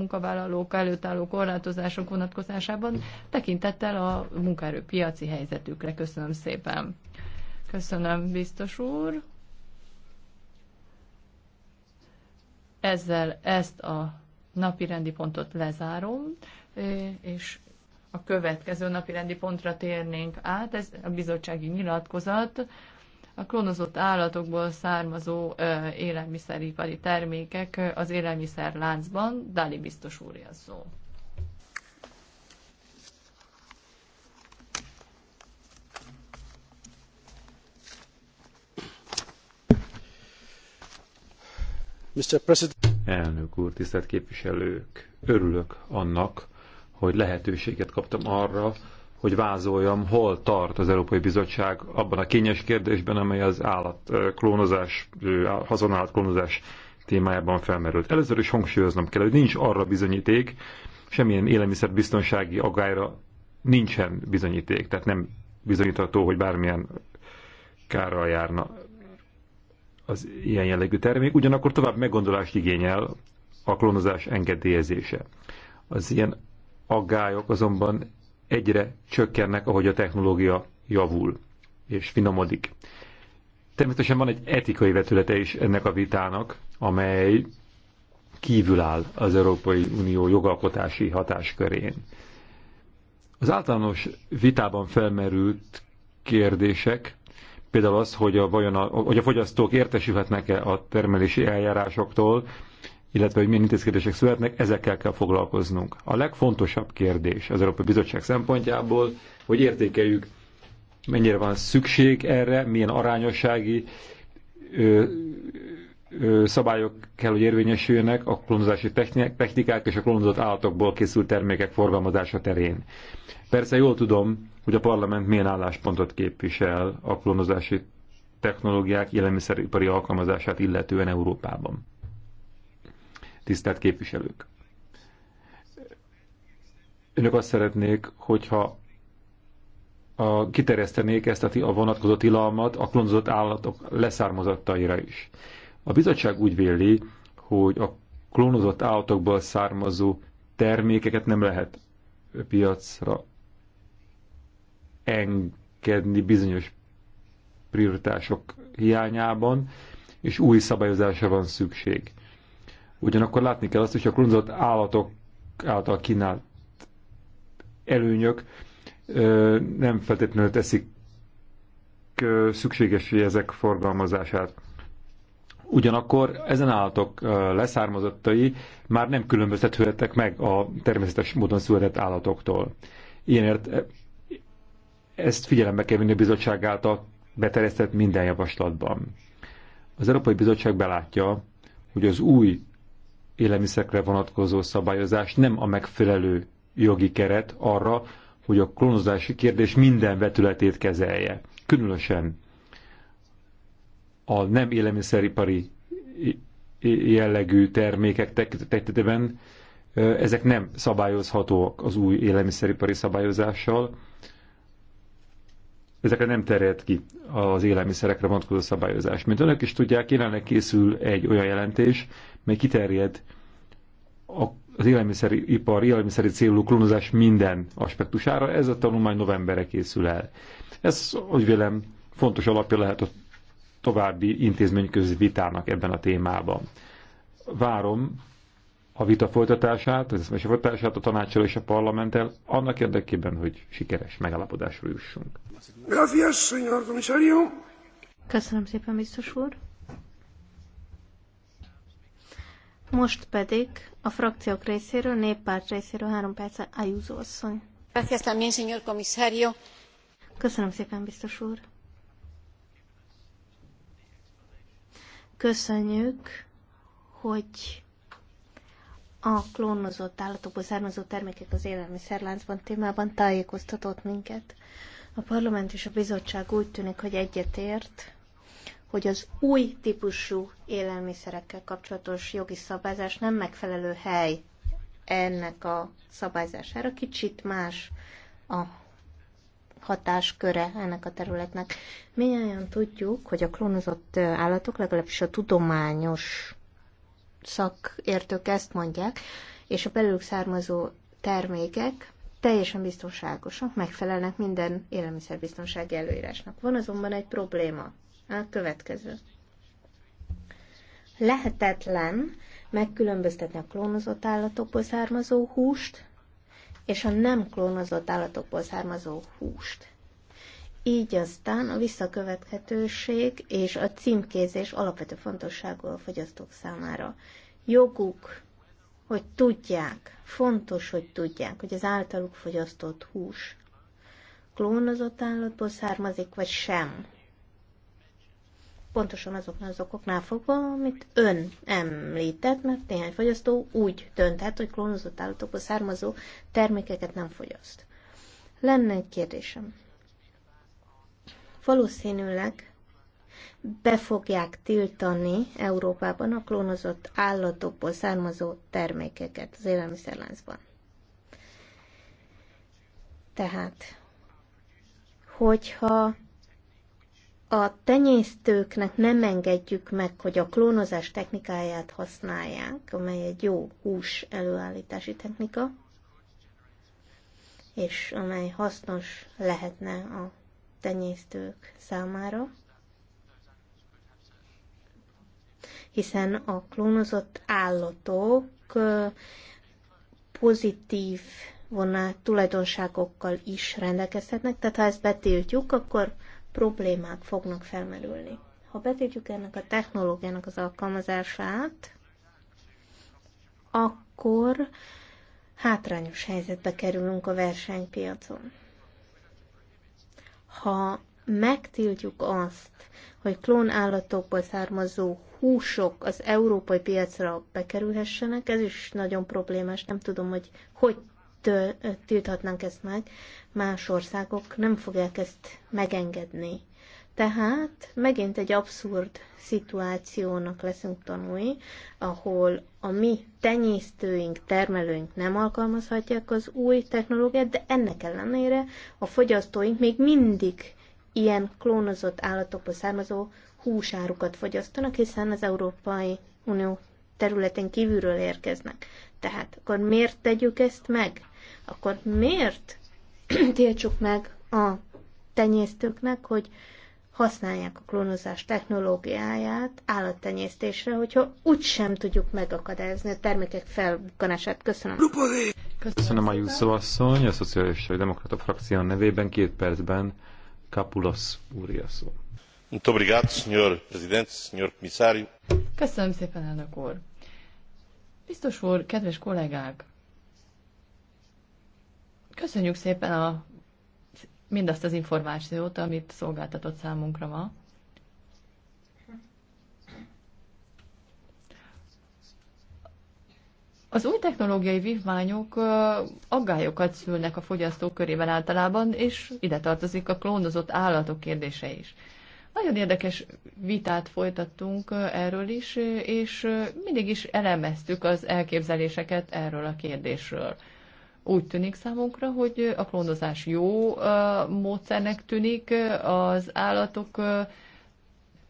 munkavállalók előtt álló korlátozások vonatkozásában tekintettel a munkaerőpiaci helyzetükre. Köszönöm szépen. Köszönöm, biztos úr. Ezzel ezt a napi rendi pontot lezárom, és a következő napi rendi pontra térnénk át, ez a bizottsági nyilatkozat, a klónozott állatokból származó élelmiszeripari termékek az láncban, Dali biztos úr szó. Mr. President. Elnök úr, tisztelt képviselők! Örülök annak, hogy lehetőséget kaptam arra, hogy vázoljam, hol tart az Európai Bizottság abban a kényes kérdésben, amely az állat klónozás, hazonállat klónozás témájában felmerült. Először is hangsúlyoznom kell, hogy nincs arra bizonyíték, semmilyen élelmiszerbiztonsági agályra nincsen bizonyíték, tehát nem bizonyítható, hogy bármilyen kárral járna az ilyen jellegű termék, ugyanakkor tovább meggondolást igényel a klónozás engedélyezése. Az ilyen aggályok azonban egyre csökkennek, ahogy a technológia javul és finomodik. Természetesen van egy etikai vetülete is ennek a vitának, amely kívül áll az Európai Unió jogalkotási hatáskörén. Az általános vitában felmerült kérdések, például az, hogy a, vajon a, hogy a fogyasztók értesülhetnek-e a termelési eljárásoktól, illetve hogy milyen intézkedések születnek, ezekkel kell foglalkoznunk. A legfontosabb kérdés az Európai Bizottság szempontjából, hogy értékeljük, mennyire van szükség erre, milyen arányossági ö, ö, szabályok kell, hogy érvényesüljenek a klónozási technikák és a klónozott állatokból készült termékek forgalmazása terén. Persze jól tudom, hogy a parlament milyen álláspontot képvisel a klónozási technológiák élelmiszeripari alkalmazását illetően Európában tisztelt képviselők. Önök azt szeretnék, hogyha a, kiterjesztenék ezt a, a vonatkozó tilalmat a klónozott állatok leszármazottaira is. A bizottság úgy véli, hogy a klónozott állatokból származó termékeket nem lehet piacra engedni bizonyos prioritások hiányában, és új szabályozásra van szükség. Ugyanakkor látni kell azt is, hogy a klónozott állatok által kínált előnyök nem feltétlenül teszik szükségesé ezek forgalmazását. Ugyanakkor ezen állatok leszármazottai már nem különböztethetek meg a természetes módon született állatoktól. Ilyenért ezt figyelembe kell venni a bizottság által beteresztett minden javaslatban. Az Európai Bizottság belátja, hogy az új élelmiszerekre vonatkozó szabályozás nem a megfelelő jogi keret arra, hogy a klónozási kérdés minden vetületét kezelje. Különösen a nem élelmiszeripari jellegű termékek tekintetében ezek nem szabályozhatóak az új élelmiszeripari szabályozással. Ezekre nem terjed ki az élelmiszerekre vonatkozó szabályozás. Mint önök is tudják, jelenleg készül egy olyan jelentés, mely kiterjed az élelmiszeripar, élelmiszeri célú klónozás minden aspektusára. Ez a tanulmány novemberre készül el. Ez, hogy vélem, fontos alapja lehet a további intézményközi vitának ebben a témában. Várom a vita folytatását, az eszmese folytatását a tanácsal és a parlamenttel, annak érdekében, hogy sikeres megállapodásra jussunk. Köszönöm szépen, biztos úr! Most pedig a frakciók részéről, néppárt részéről három perc Ayuso asszony. Gracias también, señor comisario. Köszönöm szépen, biztos úr. Köszönjük, hogy a klónozott állatokból származó termékek az élelmiszerláncban témában tájékoztatott minket. A parlament és a bizottság úgy tűnik, hogy egyetért, hogy az új típusú élelmiszerekkel kapcsolatos jogi szabályzás nem megfelelő hely ennek a szabályzására. Kicsit más a hatásköre ennek a területnek. olyan tudjuk, hogy a klónozott állatok, legalábbis a tudományos szakértők ezt mondják, és a belőlük származó termékek teljesen biztonságosak, megfelelnek minden élelmiszerbiztonsági előírásnak. Van azonban egy probléma a következő. Lehetetlen megkülönböztetni a klónozott állatokból származó húst és a nem klónozott állatokból származó húst. Így aztán a visszakövethetőség és a címkézés alapvető fontosságú a fogyasztók számára. Joguk, hogy tudják, fontos, hogy tudják, hogy az általuk fogyasztott hús klónozott állatból származik, vagy sem pontosan azoknál az okoknál fogva, amit ön említett, mert néhány fogyasztó úgy dönthet, hogy klónozott állatokból származó termékeket nem fogyaszt. Lenne egy kérdésem. Valószínűleg be fogják tiltani Európában a klónozott állatokból származó termékeket az élelmiszerláncban. Tehát, hogyha a tenyésztőknek nem engedjük meg, hogy a klónozás technikáját használják, amely egy jó hús előállítási technika, és amely hasznos lehetne a tenyésztők számára, hiszen a klónozott állatok pozitív vonal tulajdonságokkal is rendelkezhetnek, tehát ha ezt betiltjuk, akkor problémák fognak felmerülni. Ha betiltjuk ennek a technológiának az alkalmazását, akkor hátrányos helyzetbe kerülünk a versenypiacon. Ha megtiltjuk azt, hogy klónállatokból származó húsok az európai piacra bekerülhessenek, ez is nagyon problémás. Nem tudom, hogy hogy től, tilthatnánk ezt meg, más országok nem fogják ezt megengedni. Tehát megint egy abszurd szituációnak leszünk tanulni, ahol a mi tenyésztőink, termelőink nem alkalmazhatják az új technológiát, de ennek ellenére a fogyasztóink még mindig ilyen klónozott állatokból származó húsárukat fogyasztanak, hiszen az Európai Unió területén kívülről érkeznek. Tehát akkor miért tegyük ezt meg? akkor miért tiltsuk meg a tenyésztőknek, hogy használják a klónozás technológiáját állattenyésztésre, hogyha úgy sem tudjuk megakadályozni a termékek felbukkanását. Köszönöm. Köszönöm a Jusszó asszony, a Szociális Demokrata frakció nevében két percben Kapulos úr szó. Köszönöm szépen, elnök úr. Biztos úr, kedves kollégák, Köszönjük szépen a, mindazt az információt, amit szolgáltatott számunkra ma. Az új technológiai vívmányok aggályokat szülnek a fogyasztók körében általában, és ide tartozik a klónozott állatok kérdése is. Nagyon érdekes vitát folytattunk erről is, és mindig is elemeztük az elképzeléseket erről a kérdésről. Úgy tűnik számunkra, hogy a klónozás jó módszernek tűnik az állatok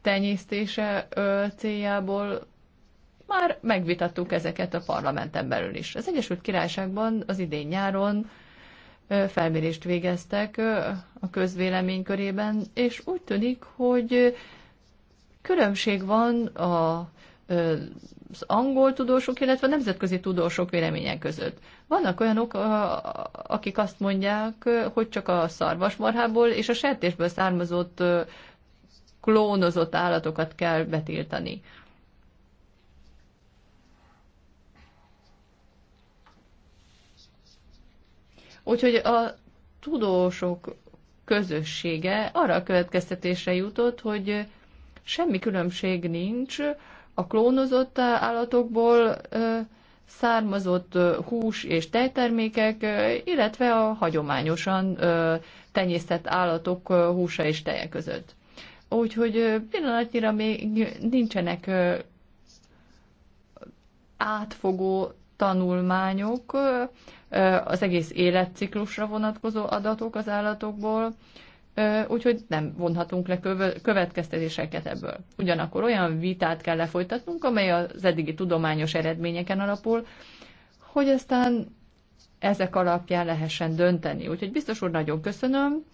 tenyésztése céljából. Már megvitattuk ezeket a parlamenten belül is. Az Egyesült Királyságban az idén nyáron felmérést végeztek a közvélemény körében, és úgy tűnik, hogy különbség van a az angol tudósok, illetve a nemzetközi tudósok vélemények között. Vannak olyanok, akik azt mondják, hogy csak a szarvasmarhából és a sertésből származott klónozott állatokat kell betiltani. Úgyhogy a tudósok közössége arra a következtetésre jutott, hogy semmi különbség nincs a klónozott állatokból származott hús és tejtermékek, illetve a hagyományosan tenyésztett állatok húsa és teje között. Úgyhogy pillanatnyira még nincsenek átfogó tanulmányok, az egész életciklusra vonatkozó adatok az állatokból, úgyhogy nem vonhatunk le következtetéseket ebből. Ugyanakkor olyan vitát kell lefolytatnunk, amely az eddigi tudományos eredményeken alapul, hogy aztán ezek alapján lehessen dönteni. Úgyhogy biztos úr, nagyon köszönöm,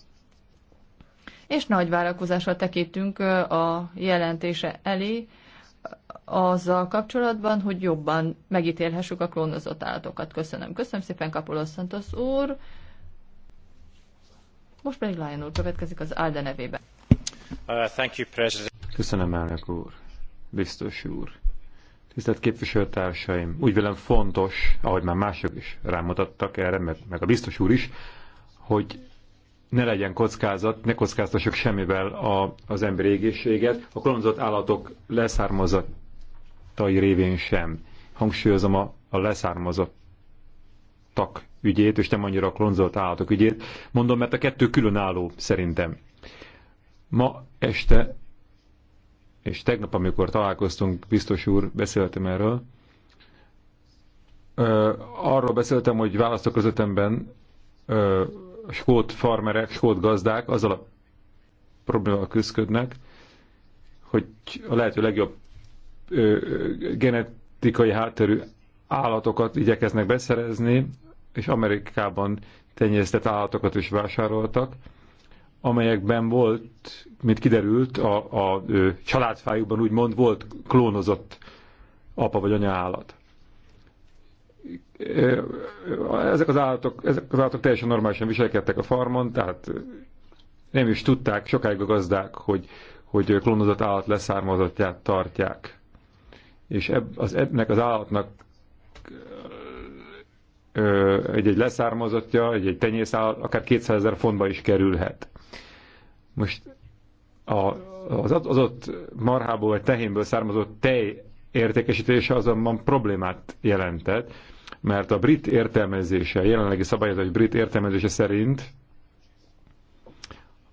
és nagy vállalkozásra tekintünk a jelentése elé azzal kapcsolatban, hogy jobban megítélhessük a klónozott állatokat. Köszönöm. Köszönöm szépen, Kapolosszantos úr. Most pedig Lion úr következik az ALDE nevében. Uh, thank you, President. Köszönöm, elnök úr. Biztos úr. Tisztelt képviselőtársaim, úgy vélem fontos, ahogy már mások is rámutattak erre, meg, meg a biztos úr is, hogy ne legyen kockázat, ne kockáztassuk semmivel a, az emberi égészséget, a klónozott állatok leszármazottai révén sem. Hangsúlyozom a, a leszármazott állattak ügyét, és nem annyira a klonzolt állatok ügyét. Mondom, mert a kettő különálló szerintem. Ma este, és tegnap, amikor találkoztunk, biztos úr, beszéltem erről, arról beszéltem, hogy választok a skót farmerek, skót gazdák azzal a problémával küzdködnek, hogy a lehető legjobb genetikai hátterű állatokat igyekeznek beszerezni, és Amerikában tenyésztett állatokat is vásároltak, amelyekben volt, mint kiderült, a, a, a családfájukban úgymond volt klónozott apa vagy anya állat. Ezek az állatok, ezek az állatok teljesen normálisan viselkedtek a farmon, tehát nem is tudták sokáig a gazdák, hogy, hogy klónozott állat leszármazottját tartják. És eb, az, ennek az állatnak egy-egy leszármazottja, egy-egy tenyészál akár 200 ezer fontba is kerülhet. Most a, az adott marhából vagy tehénből származott tej értékesítése azonban problémát jelentett, mert a brit értelmezése, a jelenlegi szabályozás brit értelmezése szerint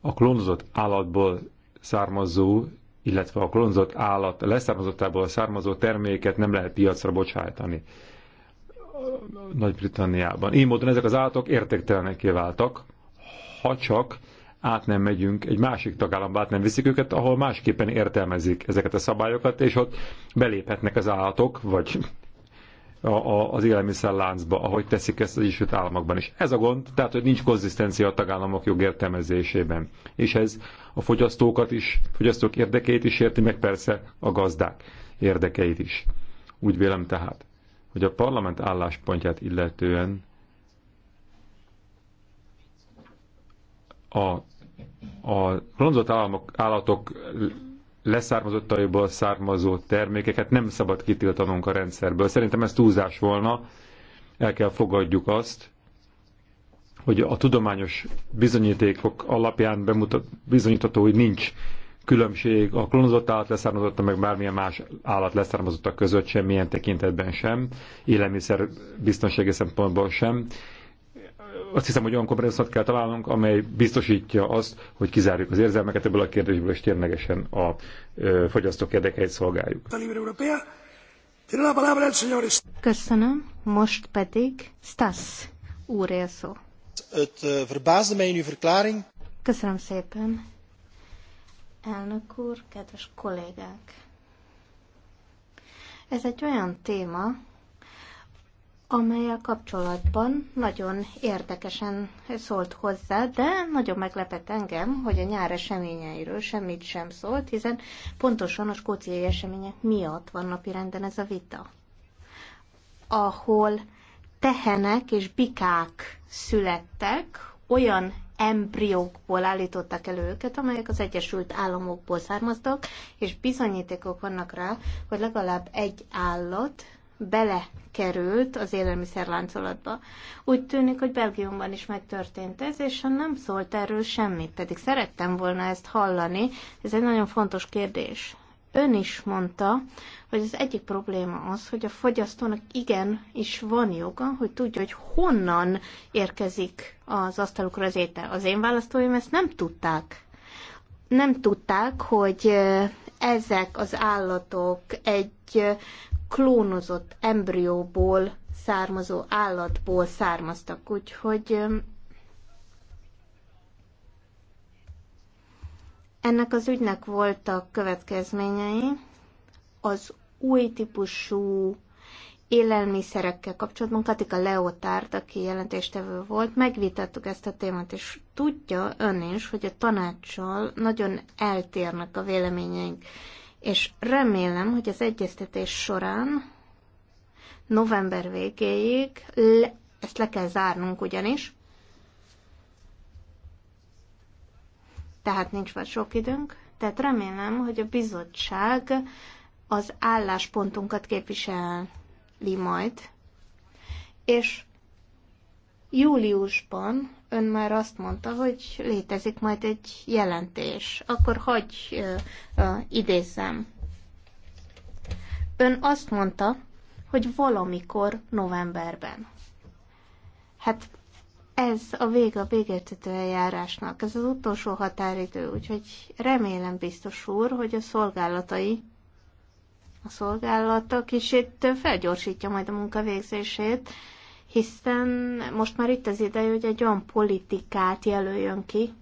a klónozott állatból származó, illetve a klónozott állat leszármazottából származó terméket nem lehet piacra bocsájtani. Nagy-Britanniában. Így módon ezek az állatok értéktelenek váltak, ha csak át nem megyünk, egy másik tagállamba át nem viszik őket, ahol másképpen értelmezik ezeket a szabályokat, és ott beléphetnek az állatok, vagy a, a, az élelmiszerláncba, ahogy teszik ezt az isült Államokban is. Ez a gond, tehát hogy nincs konzisztencia a tagállamok jogértelmezésében. És ez a fogyasztókat is, fogyasztók érdekeit is érti, meg persze a gazdák érdekeit is. Úgy vélem tehát hogy a parlament álláspontját illetően a, a ronzott államok, állatok leszármazottaiból származó termékeket nem szabad kitiltanunk a rendszerből. Szerintem ez túlzás volna, el kell fogadjuk azt, hogy a tudományos bizonyítékok alapján bemutat, bizonyítható, hogy nincs különbség a klónozott állat leszármazotta, meg bármilyen más állat leszármazottak között semmilyen tekintetben sem, élelmiszer biztonsági szempontból sem. Azt hiszem, hogy olyan kompromisszumot kell találnunk, amely biztosítja azt, hogy kizárjuk az érzelmeket ebből a kérdésből, és ténylegesen a ö, fogyasztók érdekeit szolgáljuk. Köszönöm. Most pedig Stas úr szó. Eh, Köszönöm szépen elnök úr, kedves kollégák! Ez egy olyan téma, amelyel kapcsolatban nagyon érdekesen szólt hozzá, de nagyon meglepett engem, hogy a nyár eseményeiről semmit sem szólt, hiszen pontosan a skóciai események miatt van napirenden ez a vita, ahol tehenek és bikák születtek olyan embriókból állították elő őket, amelyek az Egyesült Államokból származtak, és bizonyítékok vannak rá, hogy legalább egy állat belekerült az élelmiszerláncolatba. Úgy tűnik, hogy Belgiumban is megtörtént ez, és nem szólt erről semmit, pedig szerettem volna ezt hallani. Ez egy nagyon fontos kérdés. Ön is mondta, hogy az egyik probléma az, hogy a fogyasztónak igen is van joga, hogy tudja, hogy honnan érkezik az asztalukra az étel. Az én választóim ezt nem tudták. Nem tudták, hogy ezek az állatok egy klónozott embrióból származó állatból származtak, úgyhogy Ennek az ügynek voltak következményei az új típusú élelmiszerekkel kapcsolatban. Katika Leotárt, aki jelentéstevő volt, megvitattuk ezt a témát, és tudja ön is, hogy a tanácssal nagyon eltérnek a véleményeink. És remélem, hogy az egyeztetés során november végéig le, ezt le kell zárnunk ugyanis, tehát nincs már sok időnk, tehát remélem, hogy a bizottság az álláspontunkat képviseli majd, és júliusban ön már azt mondta, hogy létezik majd egy jelentés. Akkor hagyj ö, ö, idézzem. Ön azt mondta, hogy valamikor novemberben. Hát ez a vége a végértető eljárásnak, ez az utolsó határidő, úgyhogy remélem biztos úr, hogy a szolgálatai, a szolgálata kicsit felgyorsítja majd a munka végzését, hiszen most már itt az ideje, hogy egy olyan politikát jelöljön ki,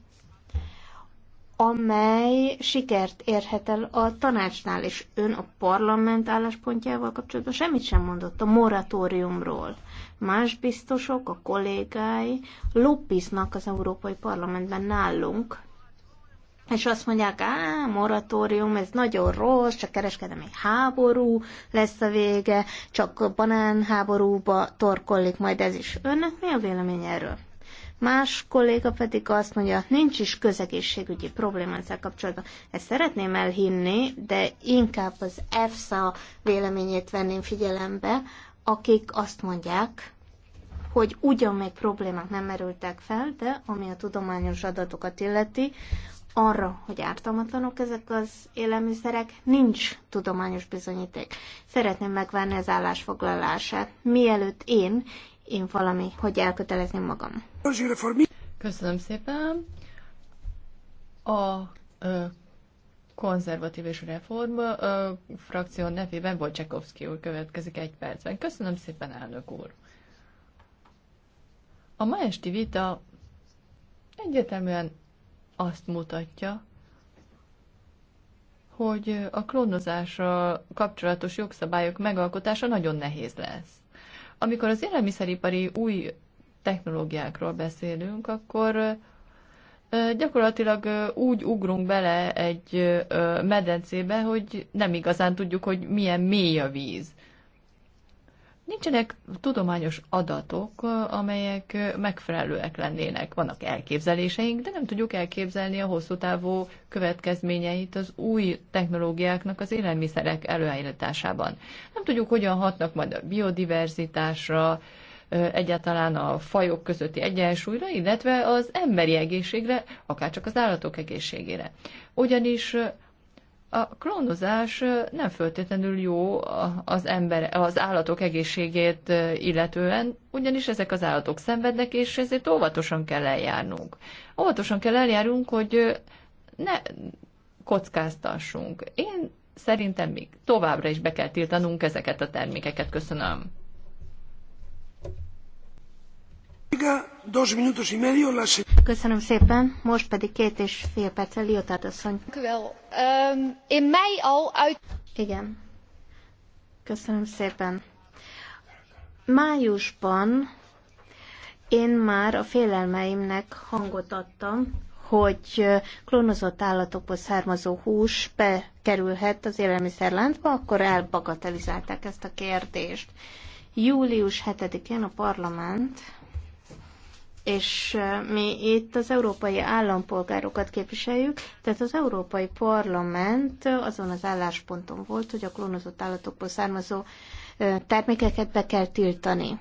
amely sikert érhet el a tanácsnál, és ön a parlament álláspontjával kapcsolatban semmit sem mondott a moratóriumról más biztosok, a kollégái lopiznak az Európai Parlamentben nálunk, és azt mondják, á, moratórium, ez nagyon rossz, csak kereskedelmi háború lesz a vége, csak banánháborúba torkollik majd ez is. Önnek mi a vélemény erről? Más kolléga pedig azt mondja, nincs is közegészségügyi probléma ezzel kapcsolatban. Ezt szeretném elhinni, de inkább az EFSA véleményét venném figyelembe, akik azt mondják, hogy ugyan még problémák nem merültek fel, de ami a tudományos adatokat illeti, arra, hogy ártalmatlanok ezek az élelmiszerek, nincs tudományos bizonyíték. Szeretném megvárni az állásfoglalását, mielőtt én, én valami, hogy elkötelezném magam. Köszönöm szépen. A ö, konzervatív és reform a frakció nevében Bocsakovszki úr következik egy percben. Köszönöm szépen, elnök úr! A ma esti vita egyeteműen azt mutatja, hogy a klónozással kapcsolatos jogszabályok megalkotása nagyon nehéz lesz. Amikor az élelmiszeripari új technológiákról beszélünk, akkor gyakorlatilag úgy ugrunk bele egy medencébe, hogy nem igazán tudjuk, hogy milyen mély a víz. Nincsenek tudományos adatok, amelyek megfelelőek lennének. Vannak elképzeléseink, de nem tudjuk elképzelni a hosszú távú következményeit az új technológiáknak az élelmiszerek előállításában. Nem tudjuk, hogyan hatnak majd a biodiverzitásra, egyáltalán a fajok közötti egyensúlyra, illetve az emberi egészségre, akárcsak az állatok egészségére. Ugyanis a klónozás nem föltétlenül jó az, ember, az állatok egészségét illetően, ugyanis ezek az állatok szenvednek, és ezért óvatosan kell eljárnunk. Óvatosan kell eljárnunk, hogy ne kockáztassunk. Én szerintem még továbbra is be kell tiltanunk ezeket a termékeket. Köszönöm. Köszönöm szépen, most pedig Igen. Köszönöm szépen. Májusban én már a félelmeimnek hangot adtam, hogy klónozott állatokból származó hús bekerülhet az élelmiszerláncba, akkor elbagatelizálták ezt a kérdést. Július 7-én a parlament és mi itt az európai állampolgárokat képviseljük, tehát az Európai Parlament azon az állásponton volt, hogy a klónozott állatokból származó termékeket be kell tiltani.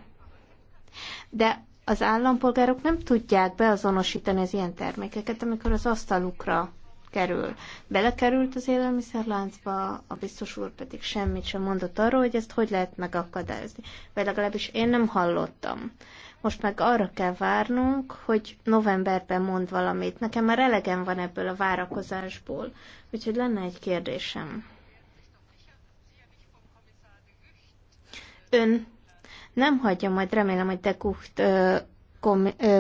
De az állampolgárok nem tudják beazonosítani az ilyen termékeket, amikor az asztalukra kerül. Belekerült az élelmiszerláncba, a biztos úr pedig semmit sem mondott arról, hogy ezt hogy lehet megakadályozni. Vagy legalábbis én nem hallottam. Most meg arra kell várnunk, hogy novemberben mond valamit. Nekem már elegem van ebből a várakozásból. Úgyhogy lenne egy kérdésem. Ön nem hagyja majd, remélem, hogy Dekucht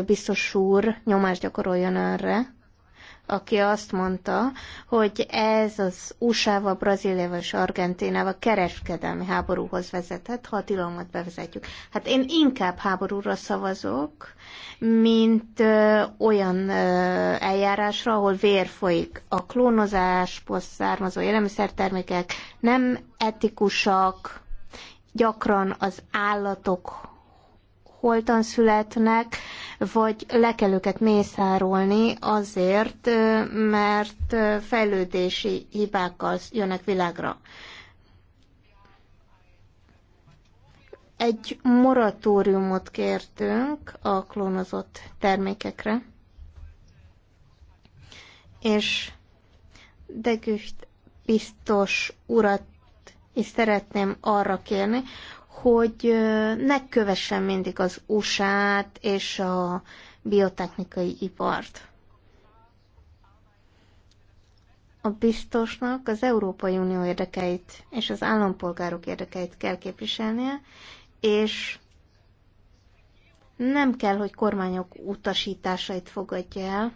biztos úr nyomást gyakoroljon önre, aki azt mondta, hogy ez az USA-val, Brazíliával és Argentinával kereskedelmi háborúhoz vezethet, ha a tilalmat bevezetjük. Hát én inkább háborúra szavazok, mint ö, olyan ö, eljárásra, ahol vér folyik. A klónozás, származó élelmiszertermékek nem etikusak, gyakran az állatok holtan születnek, vagy le kell őket mészárolni azért, mert fejlődési hibákkal jönnek világra. Egy moratóriumot kértünk a klónozott termékekre, és Degüst biztos urat is szeretném arra kérni, hogy ne kövessen mindig az USA-t és a biotechnikai ipart. A biztosnak az Európai Unió érdekeit és az állampolgárok érdekeit kell képviselnie, és nem kell, hogy kormányok utasításait fogadja el,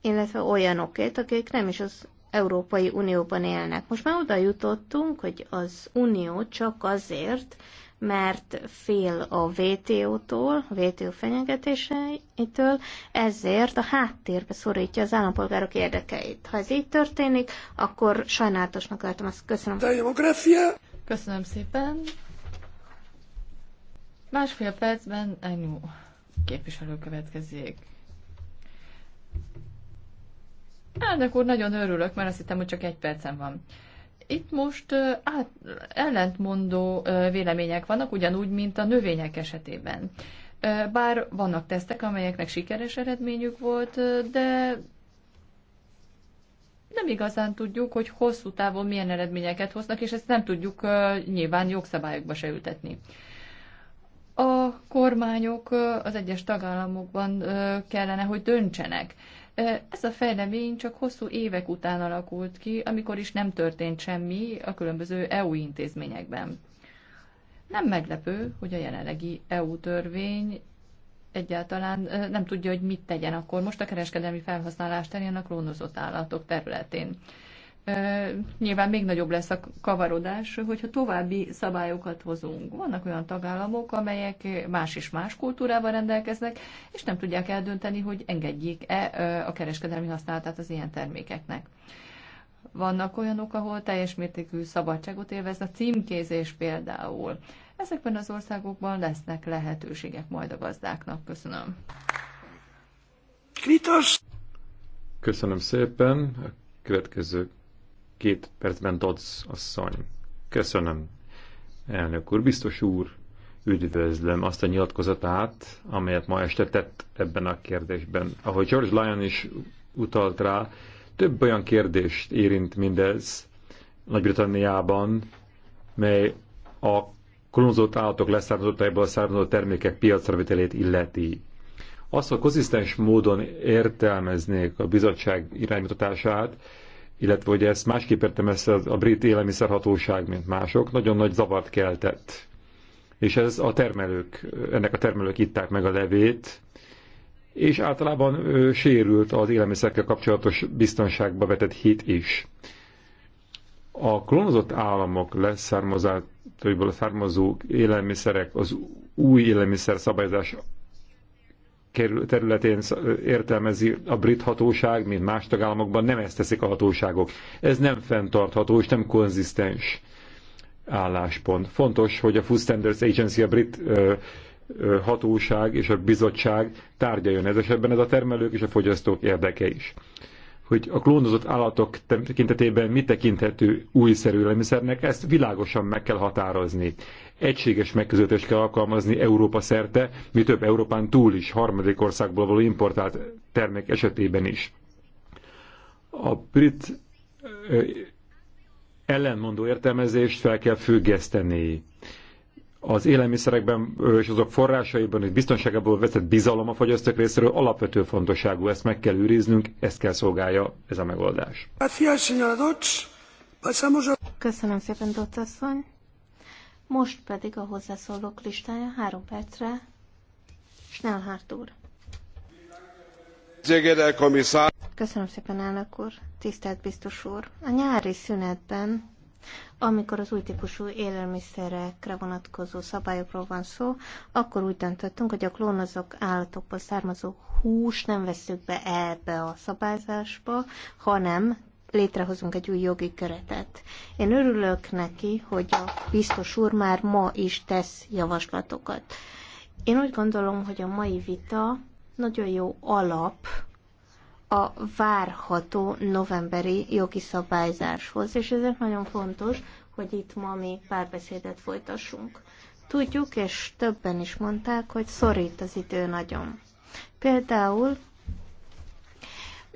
illetve olyanokét, akik nem is az Európai Unióban élnek. Most már oda jutottunk, hogy az Unió csak azért, mert fél a VTO-tól, a VTO fenyegetéseitől, ezért a háttérbe szorítja az állampolgárok érdekeit. Ha ez így történik, akkor sajnálatosnak tartom azt. Köszönöm. Demokrácia! Köszönöm szépen. Másfél percben Enyu képviselő következik. Elnök úr, nagyon örülök, mert azt hittem, hogy csak egy percem van. Itt most át, ellentmondó vélemények vannak, ugyanúgy, mint a növények esetében. Bár vannak tesztek, amelyeknek sikeres eredményük volt, de nem igazán tudjuk, hogy hosszú távon milyen eredményeket hoznak, és ezt nem tudjuk nyilván jogszabályokba se ültetni. A kormányok az egyes tagállamokban kellene, hogy döntsenek ez a fejlemény csak hosszú évek után alakult ki, amikor is nem történt semmi a különböző EU intézményekben. Nem meglepő, hogy a jelenlegi EU törvény egyáltalán nem tudja, hogy mit tegyen akkor most a kereskedelmi felhasználás terén a klónozott állatok területén nyilván még nagyobb lesz a kavarodás, hogyha további szabályokat hozunk. Vannak olyan tagállamok, amelyek más és más kultúrával rendelkeznek, és nem tudják eldönteni, hogy engedjék-e a kereskedelmi használatát az ilyen termékeknek. Vannak olyanok, ahol teljes mértékű szabadságot élvez a címkézés például. Ezekben az országokban lesznek lehetőségek majd a gazdáknak. Köszönöm. Kritos! Köszönöm szépen. A következő Két percben Dodds asszony. Köszönöm, elnök úr. Biztos úr, üdvözlöm azt a nyilatkozatát, amelyet ma este tett ebben a kérdésben. Ahogy George Lyon is utalt rá, több olyan kérdést érint mindez Nagy-Britanniában, mely a klónozott állatok leszármazottaiból származó termékek piacra vitelét illeti. Azt, hogy konzisztens módon értelmeznék a bizottság iránymutatását, illetve hogy ezt másképp értem ezt a brit élelmiszerhatóság, mint mások, nagyon nagy zavart keltett. És ez a termelők, ennek a termelők itták meg a levét, és általában ő, sérült az élelmiszerkel kapcsolatos biztonságba vetett hit is. A klónozott államok leszármazó származó élelmiszerek az új élelmiszer szabályozás területén értelmezi a brit hatóság, mint más tagállamokban, nem ezt teszik a hatóságok. Ez nem fenntartható és nem konzisztens álláspont. Fontos, hogy a Food Standards Agency, a brit ö, ö, hatóság és a bizottság tárgyaljon ez esetben, ez a termelők és a fogyasztók érdeke is. Hogy a klónozott állatok tekintetében mit tekinthető újszerű élelmiszernek, ezt világosan meg kell határozni. Egységes megközelítést kell alkalmazni Európa szerte, mi több Európán túl is, harmadik országból való importált termék esetében is. A brit ellenmondó értelmezést fel kell függeszteni. Az élelmiszerekben és azok forrásaiban és biztonságából vetett bizalom a fogyasztók részéről alapvető fontosságú. Ezt meg kell őriznünk, ezt kell szolgálja ez a megoldás. Köszönöm szépen, Dóczasszony. Most pedig a hozzászólók listája három percre. Schnellhardt úr. Köszönöm szépen, elnök úr. Tisztelt biztos úr. A nyári szünetben amikor az új típusú élelmiszerekre vonatkozó szabályokról van szó, akkor úgy döntöttünk, hogy a klónozók állatokból származó hús nem veszük be ebbe a szabályzásba, hanem létrehozunk egy új jogi keretet. Én örülök neki, hogy a biztos úr már ma is tesz javaslatokat. Én úgy gondolom, hogy a mai vita nagyon jó alap a várható novemberi jogi szabályzáshoz, és ezért nagyon fontos, hogy itt ma mi párbeszédet folytassunk. Tudjuk, és többen is mondták, hogy szorít az idő nagyon. Például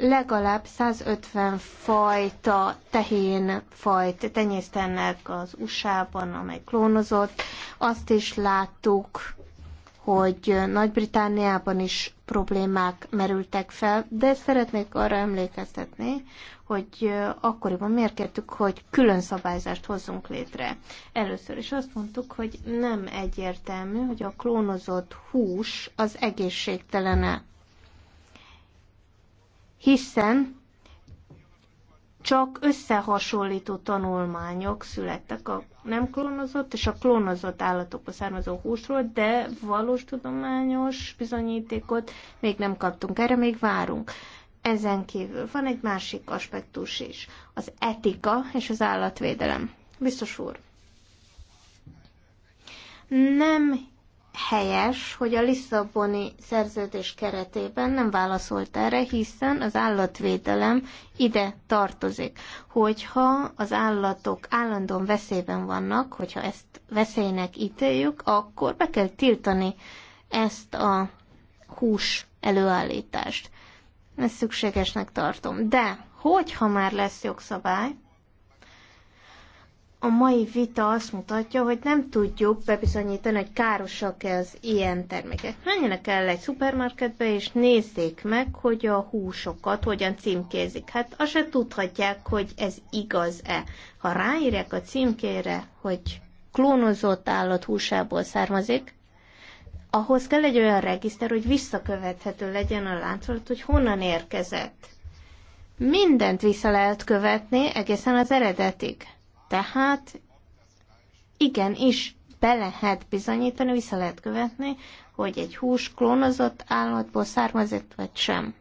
legalább 150 fajta tehén fajt tenyésztenek az USA-ban, amely klónozott. Azt is láttuk, hogy Nagy-Britániában is problémák merültek fel, de szeretnék arra emlékeztetni, hogy akkoriban miért kértük, hogy külön szabályzást hozzunk létre. Először is azt mondtuk, hogy nem egyértelmű, hogy a klónozott hús az egészségtelene hiszen csak összehasonlító tanulmányok születtek a nem klónozott és a klónozott állatokból származó húsról, de valós tudományos bizonyítékot még nem kaptunk, erre még várunk. Ezen kívül van egy másik aspektus is, az etika és az állatvédelem. Biztos úr, nem helyes, hogy a Lisszaboni szerződés keretében nem válaszolt erre, hiszen az állatvédelem ide tartozik. Hogyha az állatok állandóan veszélyben vannak, hogyha ezt veszélynek ítéljük, akkor be kell tiltani ezt a hús előállítást. Ezt szükségesnek tartom. De, hogyha már lesz jogszabály, a mai vita azt mutatja, hogy nem tudjuk bebizonyítani, hogy károsak-e az ilyen termékek. Menjenek el egy szupermarketbe, és nézzék meg, hogy a húsokat hogyan címkézik. Hát azt se tudhatják, hogy ez igaz-e. Ha ráírják a címkére, hogy klónozott állat húsából származik, ahhoz kell egy olyan regiszter, hogy visszakövethető legyen a láncolat, hogy honnan érkezett. Mindent vissza lehet követni egészen az eredetig tehát igen, is be lehet bizonyítani, vissza lehet követni, hogy egy hús klónozott állatból származott, vagy sem.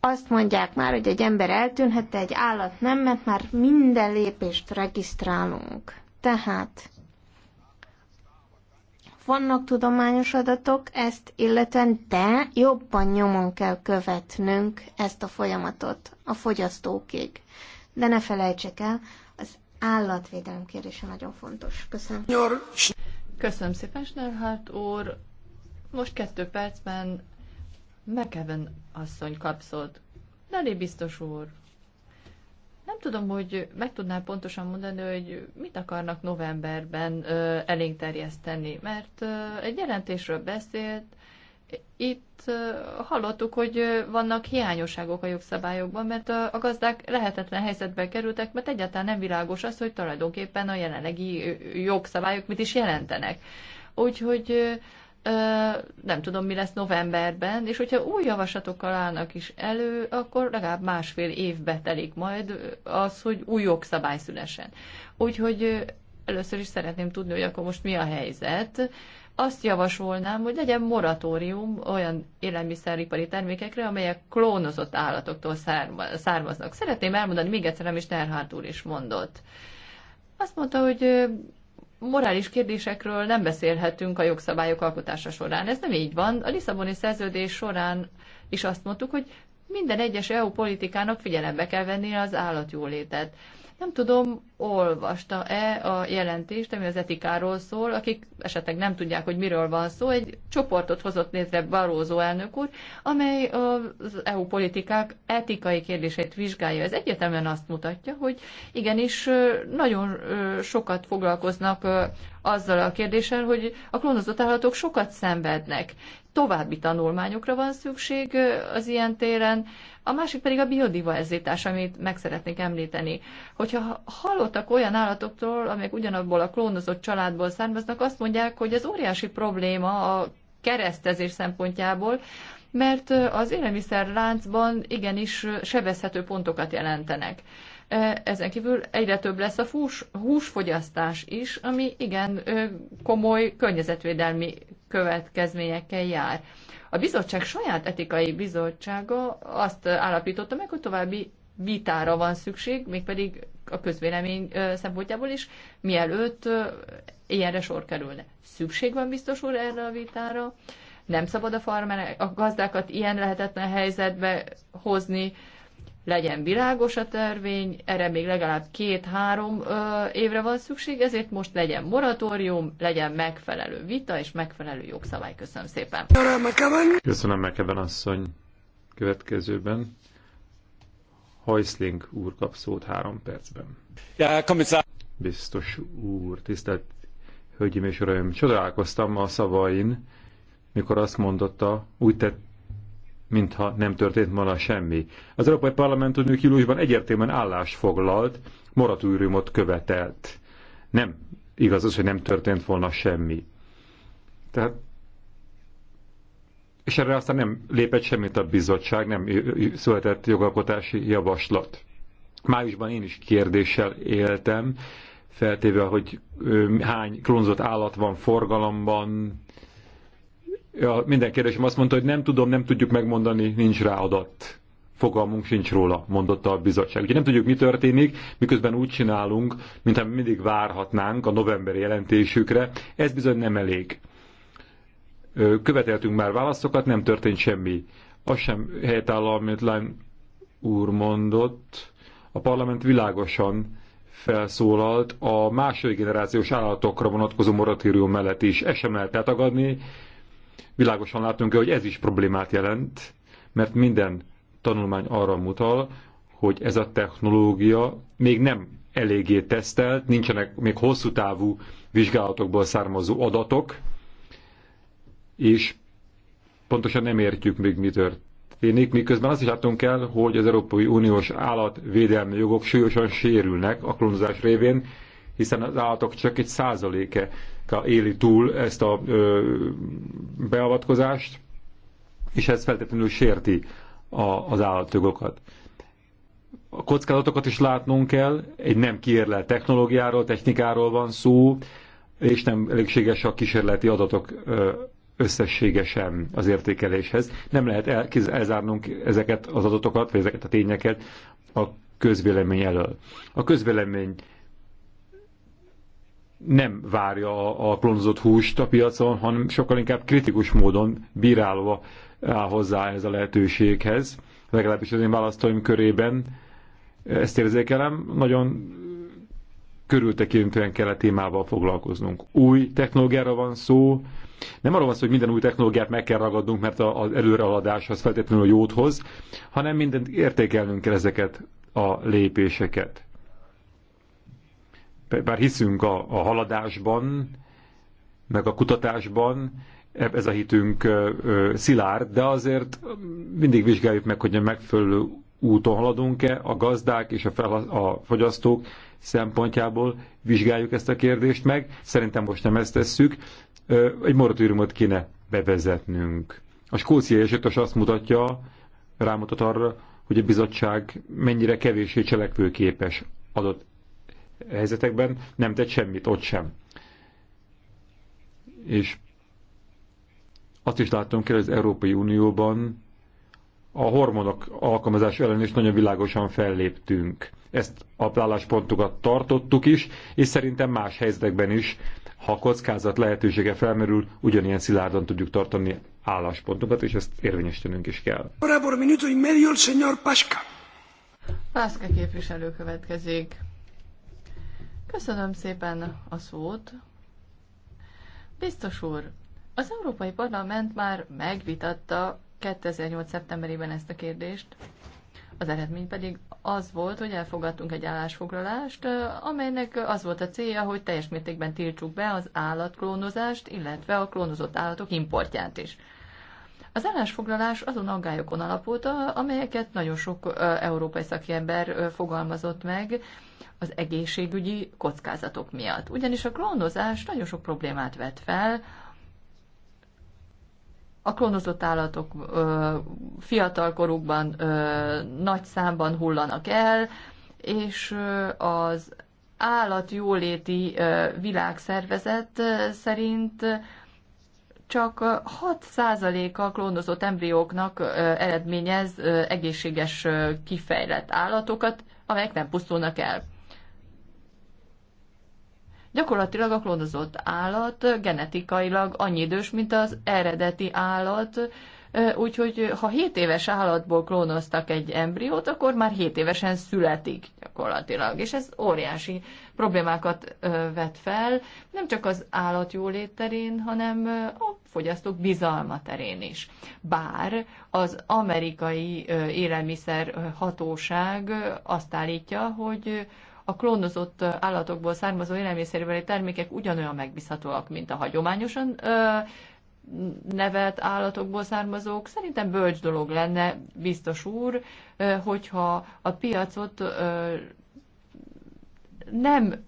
Azt mondják már, hogy egy ember eltűnhet, de egy állat nem, mert már minden lépést regisztrálunk. Tehát vannak tudományos adatok ezt illetően, de jobban nyomon kell követnünk ezt a folyamatot a fogyasztókig. De ne felejtsék el, az állatvédelem kérdése nagyon fontos. Köszönöm. Köszönöm szépen, Snerhárt úr. Most kettő percben Mekeven asszony kapszott. Lali biztos úr. Nem tudom, hogy meg tudnál pontosan mondani, hogy mit akarnak novemberben elénk terjeszteni, mert egy jelentésről beszélt, itt hallottuk, hogy vannak hiányosságok a jogszabályokban, mert a gazdák lehetetlen helyzetbe kerültek, mert egyáltalán nem világos az, hogy tulajdonképpen a jelenlegi jogszabályok mit is jelentenek. Úgyhogy nem tudom, mi lesz novemberben, és hogyha új javaslatokkal állnak is elő, akkor legalább másfél évbe telik majd az, hogy új jogszabály szülesen. Úgyhogy először is szeretném tudni, hogy akkor most mi a helyzet. Azt javasolnám, hogy legyen moratórium olyan élelmiszeripari termékekre, amelyek klónozott állatoktól származnak. Szeretném elmondani még egyszer, is Sterhardt úr is mondott. Azt mondta, hogy morális kérdésekről nem beszélhetünk a jogszabályok alkotása során. Ez nem így van. A Lisszaboni szerződés során is azt mondtuk, hogy minden egyes EU politikának figyelembe kell venni az állatjólétet. Nem tudom, olvasta-e a jelentést, ami az etikáról szól, akik esetleg nem tudják, hogy miről van szó. Egy csoportot hozott létre Barózó elnök úr, amely az EU politikák etikai kérdését vizsgálja. Ez egyetemen azt mutatja, hogy igenis nagyon sokat foglalkoznak azzal a kérdéssel, hogy a klónozott állatok sokat szenvednek, további tanulmányokra van szükség az ilyen téren, a másik pedig a biodiverzitás, amit meg szeretnék említeni. Hogyha hallottak olyan állatoktól, amelyek ugyanabból a klónozott családból származnak, azt mondják, hogy ez óriási probléma a keresztezés szempontjából, mert az élelmiszer láncban igenis sebezhető pontokat jelentenek. E, ezen kívül egyre több lesz a fús, húsfogyasztás is, ami igen komoly környezetvédelmi következményekkel jár. A bizottság saját etikai bizottsága azt állapította meg, hogy további vitára van szükség, mégpedig a közvélemény szempontjából is, mielőtt ilyenre sor kerülne. Szükség van biztos úr erre a vitára, nem szabad a farmerek, a gazdákat ilyen lehetetlen helyzetbe hozni, legyen világos a törvény, erre még legalább két-három évre van szükség, ezért most legyen moratórium, legyen megfelelő vita és megfelelő jogszabály. Köszönöm szépen. Köszönöm, Mekeben asszony. Következőben Hajszling úr kap szót három percben. Ja, komisár! Biztos úr, tisztelt Hölgyeim és Uraim, csodálkoztam a szavain, mikor azt mondotta, úgy tett, mintha nem történt volna semmi. Az Európai Parlament tudjuk júliusban egyértelműen állás foglalt, moratóriumot követelt. Nem igaz az, hogy nem történt volna semmi. Tehát és erre aztán nem lépett semmit a bizottság, nem született jogalkotási javaslat. Májusban én is kérdéssel éltem, feltéve, hogy hány klónzott állat van forgalomban, a minden kérdésem azt mondta, hogy nem tudom, nem tudjuk megmondani, nincs rá adat. Fogalmunk sincs róla, mondotta a bizottság. Ugye nem tudjuk, mi történik, miközben úgy csinálunk, mintha mindig várhatnánk a novemberi jelentésükre. Ez bizony nem elég. Követeltünk már válaszokat, nem történt semmi. Az sem helytáll, amit Lány úr mondott. A parlament világosan felszólalt a második generációs állatokra vonatkozó moratórium mellett is. Ez sem lehet tagadni világosan látunk, hogy ez is problémát jelent, mert minden tanulmány arra mutal, hogy ez a technológia még nem eléggé tesztelt, nincsenek még hosszú távú vizsgálatokból származó adatok, és pontosan nem értjük még mi történik, miközben azt is látunk el, hogy az Európai Uniós állatvédelmi jogok súlyosan sérülnek a klónozás révén, hiszen az állatok csak egy százaléke éli túl ezt a beavatkozást, és ez feltétlenül sérti a, az állatjogokat. A kockázatokat is látnunk kell, egy nem kiérlelt technológiáról, technikáról van szó, és nem elégséges a kísérleti adatok összességesen az értékeléshez. Nem lehet el, elzárnunk ezeket az adatokat, vagy ezeket a tényeket a közvélemény elől. A közvélemény nem várja a, a klónozott húst a piacon, hanem sokkal inkább kritikus módon bírálva áll hozzá ez a lehetőséghez. Legalábbis az én választóim körében ezt érzékelem. Nagyon körültekintően kell a témával foglalkoznunk. Új technológiára van szó, nem arról van szó, hogy minden új technológiát meg kell ragadnunk, mert az előrehaladás az feltétlenül jót hoz, hanem mindent értékelnünk kell ezeket a lépéseket bár hiszünk a, a haladásban, meg a kutatásban, ez a hitünk szilárd, de azért mindig vizsgáljuk meg, hogy a megfelelő úton haladunk-e, a gazdák és a, fel, a fogyasztók szempontjából vizsgáljuk ezt a kérdést meg. Szerintem most nem ezt tesszük. Egy moratóriumot kéne bevezetnünk. A skóciai esetes azt mutatja, rámutat arra, hogy a bizottság mennyire kevéssé cselekvőképes adott helyzetekben nem tett semmit, ott sem. És azt is láttunk kell, hogy az Európai Unióban a hormonok alkalmazás ellen is nagyon világosan felléptünk. Ezt a pláláspontokat tartottuk is, és szerintem más helyzetekben is, ha a kockázat lehetősége felmerül, ugyanilyen szilárdan tudjuk tartani álláspontokat, és ezt érvényesítenünk is kell. Pászka képviselő következik. Köszönöm szépen a szót. Biztos úr, az Európai Parlament már megvitatta 2008. szeptemberében ezt a kérdést. Az eredmény pedig az volt, hogy elfogadtunk egy állásfoglalást, amelynek az volt a célja, hogy teljes mértékben tiltsuk be az állatklónozást, illetve a klónozott állatok importját is. Az állásfoglalás azon aggályokon alapult, amelyeket nagyon sok európai szakember fogalmazott meg az egészségügyi kockázatok miatt. Ugyanis a klónozás nagyon sok problémát vet fel, a klónozott állatok ö, fiatalkorukban ö, nagy számban hullanak el, és ö, az állatjóléti ö, világszervezet ö, szerint csak 6%-a klónozott embrióknak eredményez egészséges kifejlett állatokat, amelyek nem pusztulnak el. Gyakorlatilag a klónozott állat genetikailag annyi idős, mint az eredeti állat, úgyhogy ha 7 éves állatból klónoztak egy embriót, akkor már 7 évesen születik gyakorlatilag, és ez óriási problémákat vet fel, nem csak az jólét terén, hanem a fogyasztók bizalma terén is. Bár az amerikai élelmiszer hatóság azt állítja, hogy a klónozott állatokból származó élelmiszerbeli termékek ugyanolyan megbízhatóak, mint a hagyományosan ö, nevelt állatokból származók. Szerintem bölcs dolog lenne, biztos úr, hogyha a piacot nem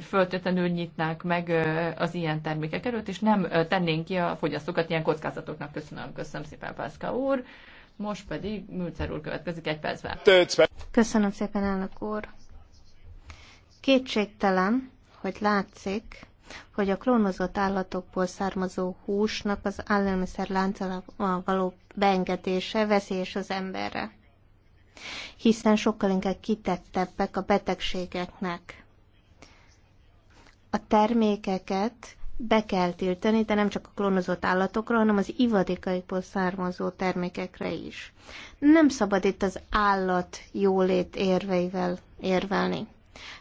föltétlenül nyitnák meg az ilyen termékek előtt, és nem tennénk ki a fogyasztókat ilyen kockázatoknak. Köszönöm, köszönöm szépen, Pászka úr. Most pedig Műlcer úr következik egy percben. Köszönöm szépen, elnök úr. Kétségtelen, hogy látszik, hogy a klónozott állatokból származó húsnak az állelmiszer láncalában való beengedése veszélyes az emberre, hiszen sokkal inkább kitettebbek a betegségeknek. A termékeket be kell tiltani, de nem csak a klónozott állatokra, hanem az ivadékaikból származó termékekre is. Nem szabad itt az állat jólét érveivel érvelni.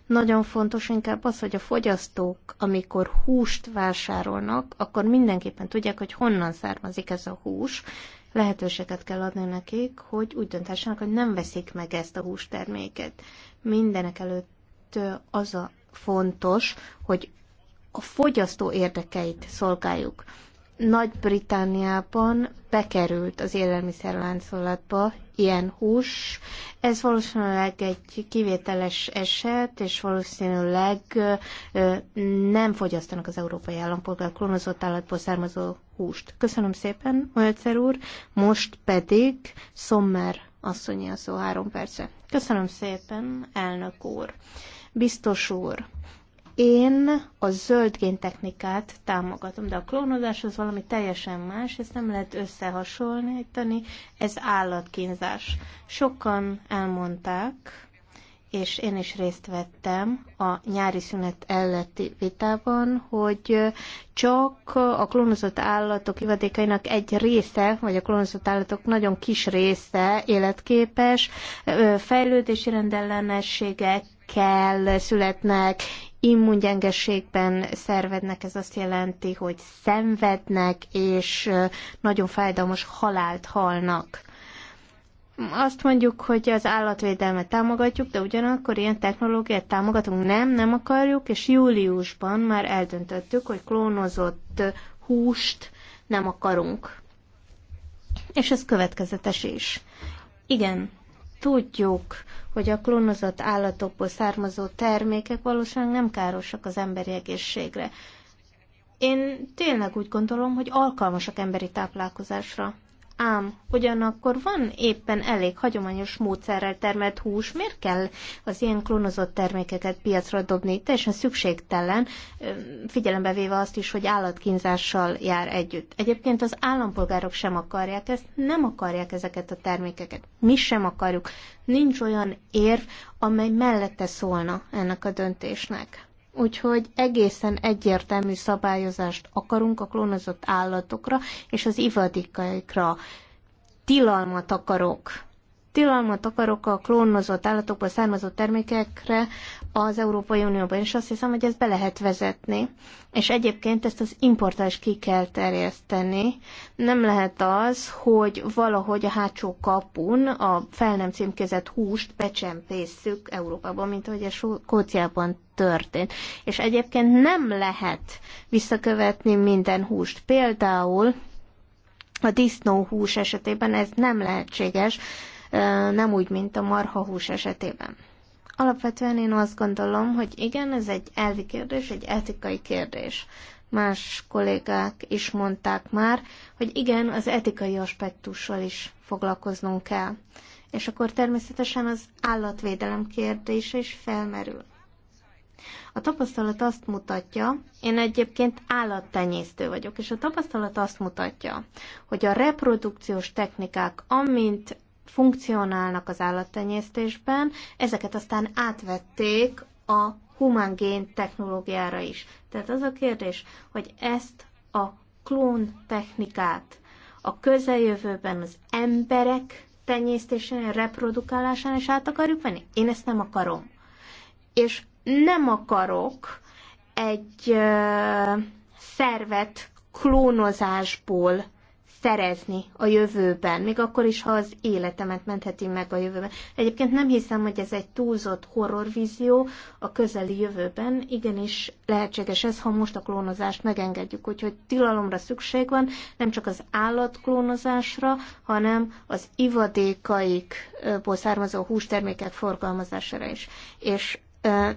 Nagyon fontos inkább az, hogy a fogyasztók, amikor húst vásárolnak, akkor mindenképpen tudják, hogy honnan származik ez a hús. Lehetőséget kell adni nekik, hogy úgy döntessenek, hogy nem veszik meg ezt a hústerméket. Mindenek előtt az a fontos, hogy a fogyasztó érdekeit szolgáljuk. Nagy-Britániában bekerült az élelmiszerláncolatba ilyen hús. Ez valószínűleg egy kivételes eset, és valószínűleg nem fogyasztanak az európai állampolgár klónozott állatból származó húst. Köszönöm szépen, Mölcer úr. Most pedig Sommer asszonyi a szó három perce. Köszönöm szépen, elnök úr. Biztos úr, én a zöld géntechnikát támogatom, de a klónozás az valami teljesen más, ezt nem lehet összehasonlítani, ez állatkínzás. Sokan elmondták, és én is részt vettem a nyári szünet elletti vitában, hogy csak a klónozott állatok ivadékainak egy része, vagy a klónozott állatok nagyon kis része életképes, fejlődési rendellenességek kell születnek, immungyengeségben szervednek, ez azt jelenti, hogy szenvednek, és nagyon fájdalmas halált halnak. Azt mondjuk, hogy az állatvédelmet támogatjuk, de ugyanakkor ilyen technológiát támogatunk. Nem, nem akarjuk, és júliusban már eldöntöttük, hogy klónozott húst nem akarunk. És ez következetes is. Igen, tudjuk, hogy a klónozott állatokból származó termékek valószínűleg nem károsak az emberi egészségre. Én tényleg úgy gondolom, hogy alkalmasak emberi táplálkozásra. Ám ugyanakkor van éppen elég hagyományos módszerrel termelt hús, miért kell az ilyen klónozott termékeket piacra dobni? Teljesen szükségtelen, figyelembe véve azt is, hogy állatkínzással jár együtt. Egyébként az állampolgárok sem akarják ezt, nem akarják ezeket a termékeket. Mi sem akarjuk. Nincs olyan érv, amely mellette szólna ennek a döntésnek. Úgyhogy egészen egyértelmű szabályozást akarunk a klónozott állatokra és az ivadikaikra. Tilalmat akarok tilalmat akarok a klónozott állatokból származó termékekre az Európai Unióban, és azt hiszem, hogy ezt be lehet vezetni. És egyébként ezt az importra is ki kell terjeszteni. Nem lehet az, hogy valahogy a hátsó kapun a fel nem címkézett húst becsempészük Európában, mint ahogy a Skóciában történt. És egyébként nem lehet visszakövetni minden húst. Például a disznóhús esetében ez nem lehetséges, nem úgy, mint a marhahús esetében. Alapvetően én azt gondolom, hogy igen, ez egy elvi kérdés, egy etikai kérdés. Más kollégák is mondták már, hogy igen, az etikai aspektussal is foglalkoznunk kell. És akkor természetesen az állatvédelem kérdése is felmerül. A tapasztalat azt mutatja, én egyébként állattenyésztő vagyok, és a tapasztalat azt mutatja, hogy a reprodukciós technikák, amint funkcionálnak az állattenyésztésben, ezeket aztán átvették a gén technológiára is. Tehát az a kérdés, hogy ezt a klón technikát a közeljövőben az emberek tenyésztésén, reprodukálásán is át akarjuk venni? Én ezt nem akarom. És nem akarok egy ö, szervet klónozásból szerezni a jövőben, még akkor is, ha az életemet mentheti meg a jövőben. Egyébként nem hiszem, hogy ez egy túlzott horrorvízió a közeli jövőben. Igenis lehetséges ez, ha most a klónozást megengedjük. Úgyhogy tilalomra szükség van, nem csak az állatklónozásra, hanem az ivadékaikból származó hústermékek forgalmazására is. És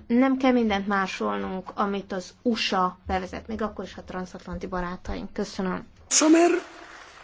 nem kell mindent másolnunk, amit az USA bevezet, még akkor is a transatlanti barátaink. Köszönöm. Somer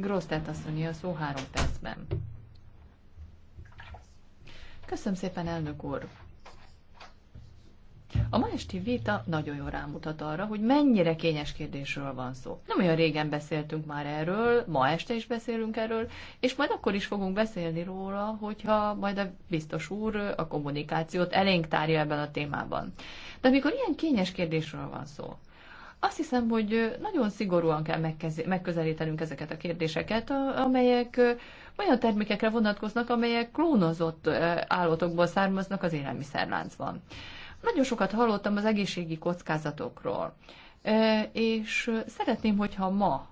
Grosztát asszonyi a szó három percben. Köszönöm szépen, elnök úr! A ma esti vita nagyon jól rámutat arra, hogy mennyire kényes kérdésről van szó. Nem olyan régen beszéltünk már erről, ma este is beszélünk erről, és majd akkor is fogunk beszélni róla, hogyha majd a biztos úr a kommunikációt elénk tárja ebben a témában. De amikor ilyen kényes kérdésről van szó, azt hiszem, hogy nagyon szigorúan kell megközelítenünk ezeket a kérdéseket, amelyek olyan termékekre vonatkoznak, amelyek klónozott állatokból származnak az élelmiszerláncban. Nagyon sokat hallottam az egészségi kockázatokról, és szeretném, hogyha ma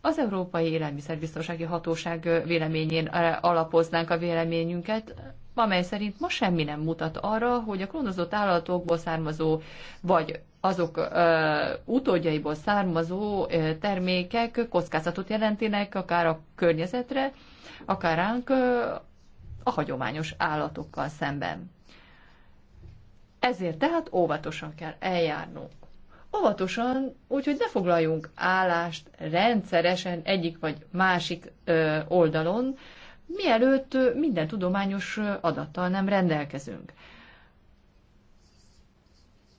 az Európai Élelmiszerbiztonsági Hatóság véleményén alapoznánk a véleményünket, amely szerint ma semmi nem mutat arra, hogy a klónozott állatokból származó, vagy azok ö, utódjaiból származó ö, termékek kockázatot jelentének akár a környezetre, akár ránk ö, a hagyományos állatokkal szemben. Ezért tehát óvatosan kell eljárnunk. Óvatosan, úgyhogy ne foglaljunk állást rendszeresen egyik vagy másik ö, oldalon, mielőtt minden tudományos adattal nem rendelkezünk.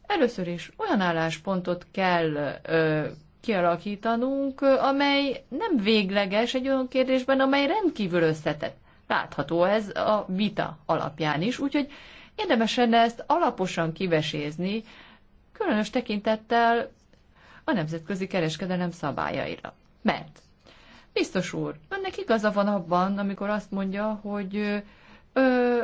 Először is olyan álláspontot kell ö, kialakítanunk, amely nem végleges egy olyan kérdésben, amely rendkívül összetett. Látható ez a vita alapján is, úgyhogy érdemes lenne ezt alaposan kivesézni, különös tekintettel a nemzetközi kereskedelem szabályaira. Mert Biztos úr, önnek igaza van abban, amikor azt mondja, hogy ö,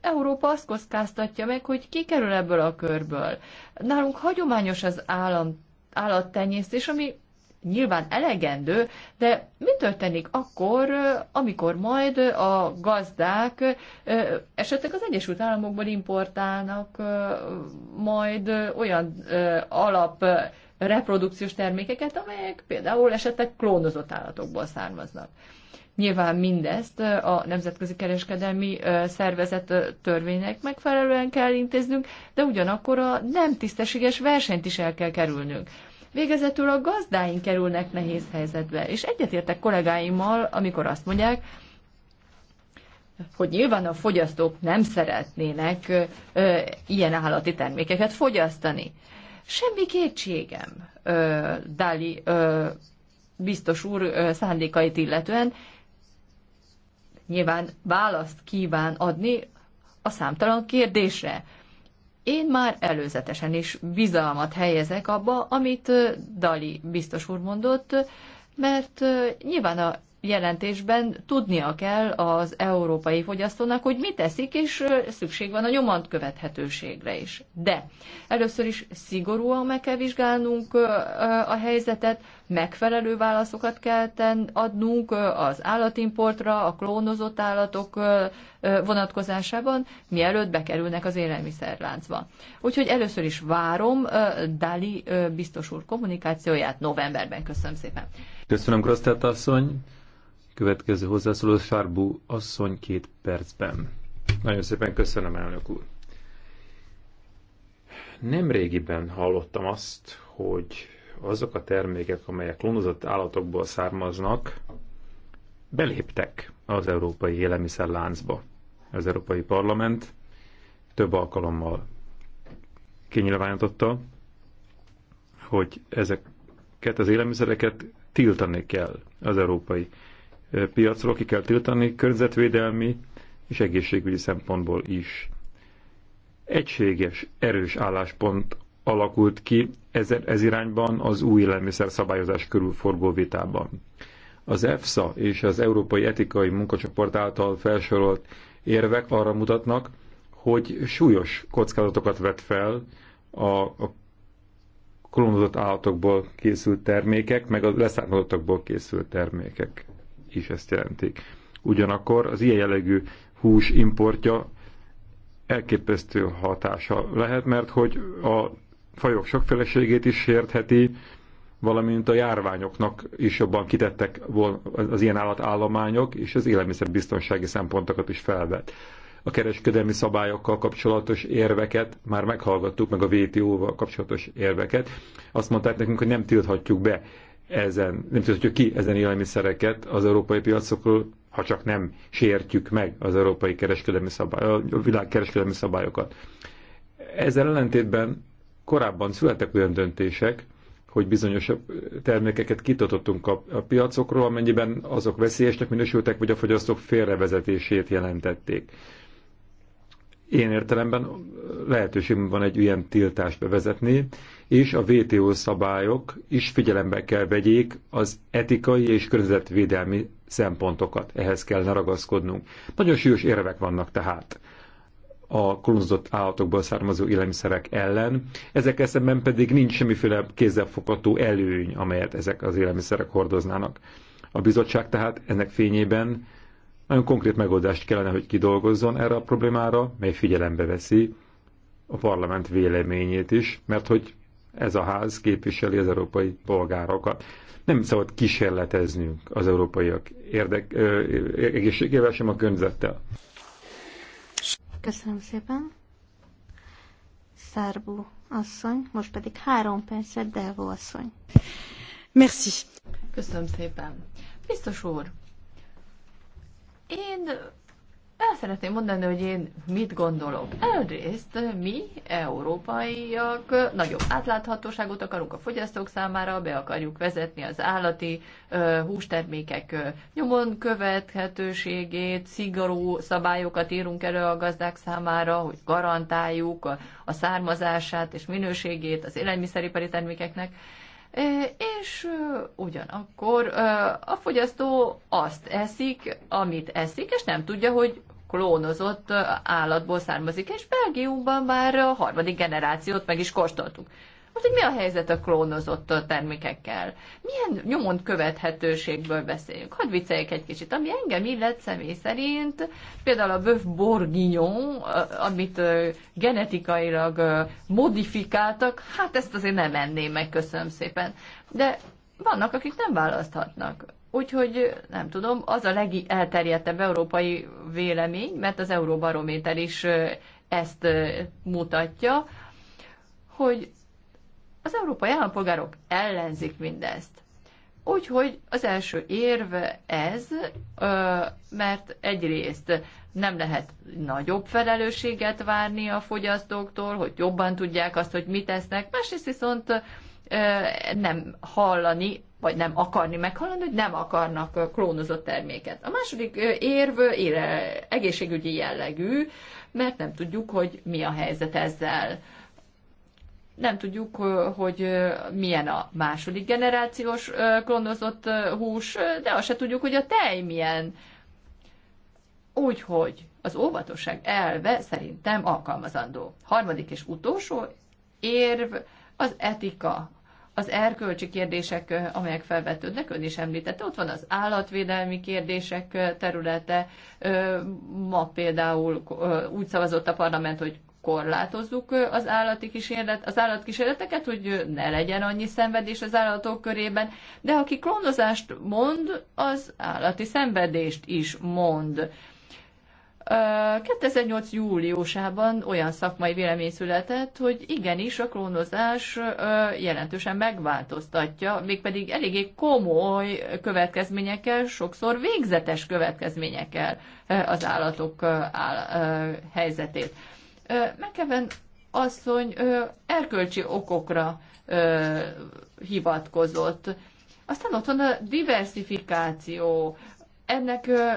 Európa azt kockáztatja meg, hogy ki kerül ebből a körből. Nálunk hagyományos az állam, állattenyésztés, ami nyilván elegendő, de mi történik akkor, amikor majd a gazdák esetleg az Egyesült Államokból importálnak majd olyan alap reprodukciós termékeket, amelyek például esetleg klónozott állatokból származnak. Nyilván mindezt a Nemzetközi Kereskedelmi Szervezet törvénynek megfelelően kell intéznünk, de ugyanakkor a nem tisztességes versenyt is el kell kerülnünk. Végezetül a gazdáink kerülnek nehéz helyzetbe, és egyetértek kollégáimmal, amikor azt mondják, hogy nyilván a fogyasztók nem szeretnének ö, ilyen állati termékeket fogyasztani. Semmi kétségem ö, Dali ö, biztos úr ö, szándékait illetően. Nyilván választ kíván adni a számtalan kérdésre. Én már előzetesen is bizalmat helyezek abba, amit Dali biztos úr mondott, mert nyilván a jelentésben tudnia kell az európai fogyasztónak, hogy mit teszik, és szükség van a nyomant követhetőségre is. De először is szigorúan meg kell vizsgálnunk a helyzetet, megfelelő válaszokat kell adnunk az állatimportra, a klónozott állatok vonatkozásában, mielőtt bekerülnek az élelmiszerláncba. Úgyhogy először is várom Dali biztos úr kommunikációját novemberben. Köszönöm szépen. Köszönöm, Krosztát asszony. Következő hozzászóló Sárbú asszony két percben. Nagyon szépen köszönöm, elnök úr. Nemrégiben hallottam azt, hogy azok a termékek, amelyek klónozott állatokból származnak, beléptek az európai élelmiszerláncba. Az Európai Parlament több alkalommal kinyilvánította, hogy ezeket az élelmiszereket tiltani kell az európai piacról ki kell tiltani, környezetvédelmi és egészségügyi szempontból is. Egységes, erős álláspont alakult ki ez, ez irányban az új élelmiszer szabályozás körül forgó vitában. Az EFSA és az Európai Etikai Munkacsoport által felsorolt érvek arra mutatnak, hogy súlyos kockázatokat vet fel a, a klónozott állatokból készült termékek, meg a leszármazottakból készült termékek is ezt jelentik. Ugyanakkor az ilyen jellegű hús importja elképesztő hatása lehet, mert hogy a fajok sokféleségét is sértheti, valamint a járványoknak is jobban kitettek az ilyen állatállományok, és az élelmiszerbiztonsági szempontokat is felvet. A kereskedelmi szabályokkal kapcsolatos érveket már meghallgattuk, meg a WTO-val kapcsolatos érveket. Azt mondták nekünk, hogy nem tilthatjuk be ezen, nem tudhatjuk ki ezen élelmiszereket az európai piacokról, ha csak nem sértjük meg az európai kereskedelmi szabály, a világ kereskedelmi szabályokat. Ezzel ellentétben korábban születtek olyan döntések, hogy bizonyos termékeket kitatottunk a, a piacokról, amennyiben azok veszélyesnek minősültek, vagy a fogyasztók félrevezetését jelentették. Én értelemben lehetőségünk van egy ilyen tiltást bevezetni, és a WTO szabályok is figyelembe kell vegyék az etikai és környezetvédelmi szempontokat. Ehhez kell ragaszkodnunk. Nagyon súlyos érvek vannak tehát a klónozott állatokból származó élelmiszerek ellen. Ezek eszemben pedig nincs semmiféle kézzelfogható előny, amelyet ezek az élelmiszerek hordoznának. A bizottság tehát ennek fényében nagyon konkrét megoldást kellene, hogy kidolgozzon erre a problémára, mely figyelembe veszi a parlament véleményét is, mert hogy ez a ház képviseli az európai polgárokat. Nem szabad kísérleteznünk az európaiak érdek, ö, egészségével, sem a környezettel. Köszönöm szépen. Szárbu asszony, most pedig három percet Delvo asszony. Merci. Köszönöm szépen. Biztos úr, én szeretném mondani, hogy én mit gondolok. Egyrészt mi, európaiak, nagyobb átláthatóságot akarunk a fogyasztók számára, be akarjuk vezetni az állati hústermékek nyomon követhetőségét, szigorú szabályokat írunk elő a gazdák számára, hogy garantáljuk a, a származását és minőségét az élelmiszeripari termékeknek és ugyanakkor a fogyasztó azt eszik, amit eszik, és nem tudja, hogy klónozott állatból származik, és Belgiumban már a harmadik generációt meg is kóstoltuk. Most, hogy mi a helyzet a klónozott termékekkel? Milyen nyomon követhetőségből beszélünk? Hadd vicceljek egy kicsit. Ami engem illet személy szerint, például a bœuf bourguignon, eh, amit eh, genetikailag eh, modifikáltak, hát ezt azért nem enném meg, köszönöm szépen. De vannak, akik nem választhatnak. Úgyhogy nem tudom, az a legelterjedtebb európai vélemény, mert az Euróbarométer is ezt mutatja, hogy az európai állampolgárok ellenzik mindezt. Úgyhogy az első érv ez, mert egyrészt nem lehet nagyobb felelősséget várni a fogyasztóktól, hogy jobban tudják azt, hogy mit esznek, másrészt viszont nem hallani vagy nem akarni meghalni, hogy nem akarnak klónozott terméket. A második érv ére, egészségügyi jellegű, mert nem tudjuk, hogy mi a helyzet ezzel. Nem tudjuk, hogy milyen a második generációs klónozott hús, de azt se tudjuk, hogy a tej milyen. Úgyhogy az óvatosság elve szerintem alkalmazandó. Harmadik és utolsó érv az etika az erkölcsi kérdések, amelyek felvetődnek, ön is említette, ott van az állatvédelmi kérdések területe. Ma például úgy szavazott a parlament, hogy korlátozzuk az állati kísérlet, az állatkísérleteket, hogy ne legyen annyi szenvedés az állatok körében, de aki klónozást mond, az állati szenvedést is mond. 2008. júliusában olyan szakmai vélemény született, hogy igenis a klónozás jelentősen megváltoztatja, mégpedig eléggé komoly következményekkel, sokszor végzetes következményekkel az állatok helyzetét. Megkeven asszony erkölcsi okokra hivatkozott. Aztán ott van a diversifikáció, ennek ö,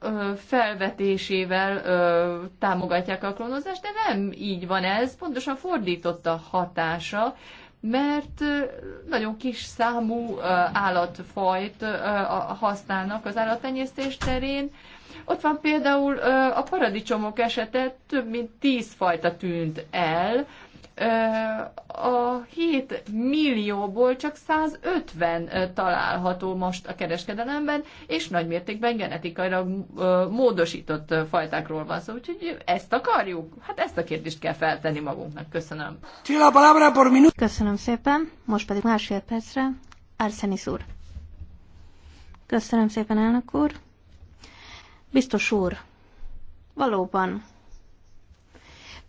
ö, felvetésével ö, támogatják a klónozást, de nem így van ez, pontosan fordított a hatása, mert nagyon kis számú állatfajt használnak az állattenyésztés terén. Ott van például a paradicsomok esete, több mint tíz fajta tűnt el, a 7 millióból csak 150 található most a kereskedelemben, és nagymértékben genetikailag módosított fajtákról van szó. Úgyhogy ezt akarjuk? Hát ezt a kérdést kell feltenni magunknak. Köszönöm. Köszönöm szépen. Most pedig másfél percre. Arsenis úr. Köszönöm szépen, elnök úr. Biztos úr, valóban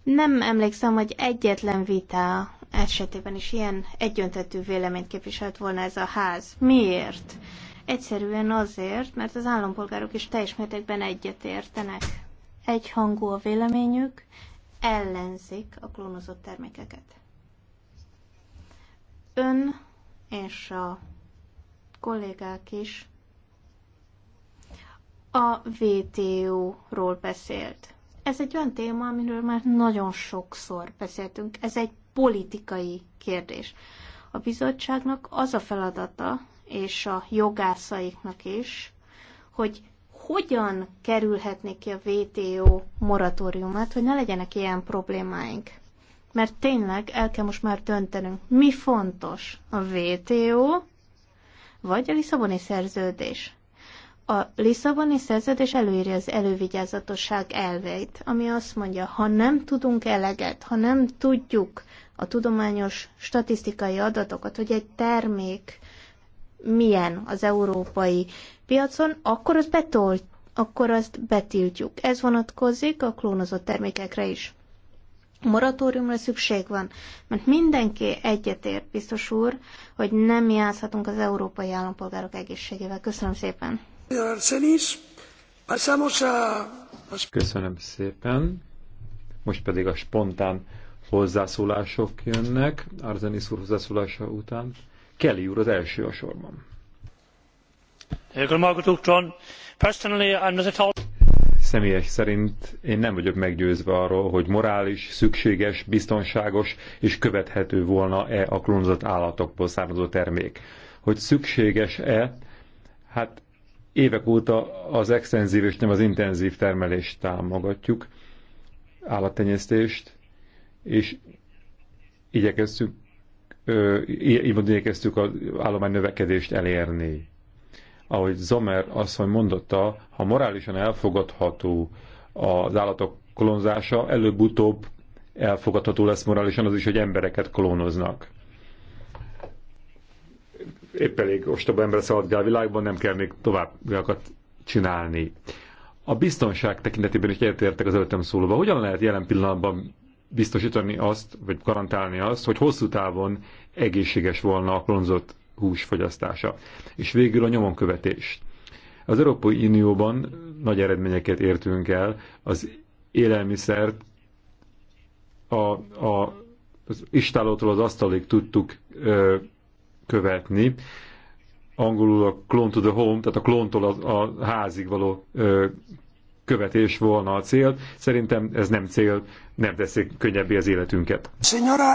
nem emlékszem, hogy egyetlen vita esetében is ilyen egyöntetű véleményt képviselt volna ez a ház. Miért? Egyszerűen azért, mert az állampolgárok is teljes mértékben egyetértenek. Egyhangú a véleményük, ellenzik a klónozott termékeket. Ön és a kollégák is a VTO-ról beszélt. Ez egy olyan téma, amiről már nagyon sokszor beszéltünk. Ez egy politikai kérdés. A bizottságnak az a feladata, és a jogászaiknak is, hogy hogyan kerülhetnék ki a VTO moratóriumát, hogy ne legyenek ilyen problémáink. Mert tényleg el kell most már döntenünk, mi fontos, a VTO vagy a Lisszaboni szerződés. A Lisszaboni szerződés előírja az elővigyázatosság elveit, ami azt mondja, ha nem tudunk eleget, ha nem tudjuk a tudományos statisztikai adatokat, hogy egy termék milyen az európai piacon, akkor azt betolt, akkor azt betiltjuk. Ez vonatkozik a klónozott termékekre is. Moratóriumra szükség van, mert mindenki egyetért, biztos úr, hogy nem játszhatunk az európai állampolgárok egészségével. Köszönöm szépen! Köszönöm szépen. Most pedig a spontán hozzászólások jönnek, Arzenis úr hozzászólása után. Kelly úr az első a sorban. Személyes szerint én nem vagyok meggyőzve arról, hogy morális, szükséges, biztonságos és követhető volna-e a klónozott állatokból származó termék. Hogy szükséges-e, hát Évek óta az extenzív és nem az intenzív termelést támogatjuk, állattenyésztést, és igyekeztük, így mondani, igyekeztük az állomány növekedést elérni. Ahogy Zomer asszony mondotta, ha morálisan elfogadható az állatok klónzása, előbb-utóbb elfogadható lesz morálisan az is, hogy embereket klónoznak épp elég ostoba ember szaladgál a világban, nem kell még gyakat csinálni. A biztonság tekintetében is egyetértek az előttem szólóba. Hogyan lehet jelen pillanatban biztosítani azt, vagy garantálni azt, hogy hosszú távon egészséges volna a klonzott hús fogyasztása. És végül a nyomonkövetés. Az Európai Unióban nagy eredményeket értünk el, az élelmiszert a, a, az istálótól az asztalig tudtuk ö, követni. Angolul a clone to the home, tehát a klontól a, a házig való ö, követés volna a cél. Szerintem ez nem cél, nem teszik könnyebbé az életünket. Senyora,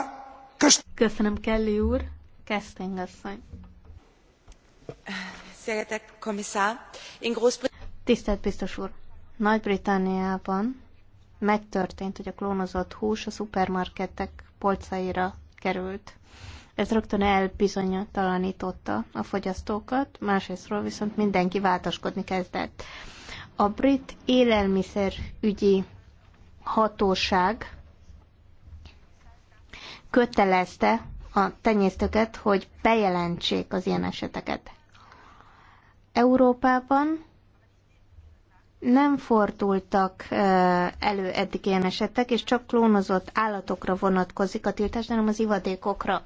köst- Köszönöm, Kelly úr. Keszting asszony. Tisztelt biztos úr! Nagy-Britanniában megtörtént, hogy a klónozott hús a szupermarketek polcaira került. Ez rögtön elbizonytalanította a fogyasztókat, másrésztről viszont mindenki változkodni kezdett. A brit élelmiszerügyi hatóság kötelezte a tenyésztőket, hogy bejelentsék az ilyen eseteket. Európában nem fordultak elő eddig ilyen esetek, és csak klónozott állatokra vonatkozik a tiltás, hanem az ivadékokra.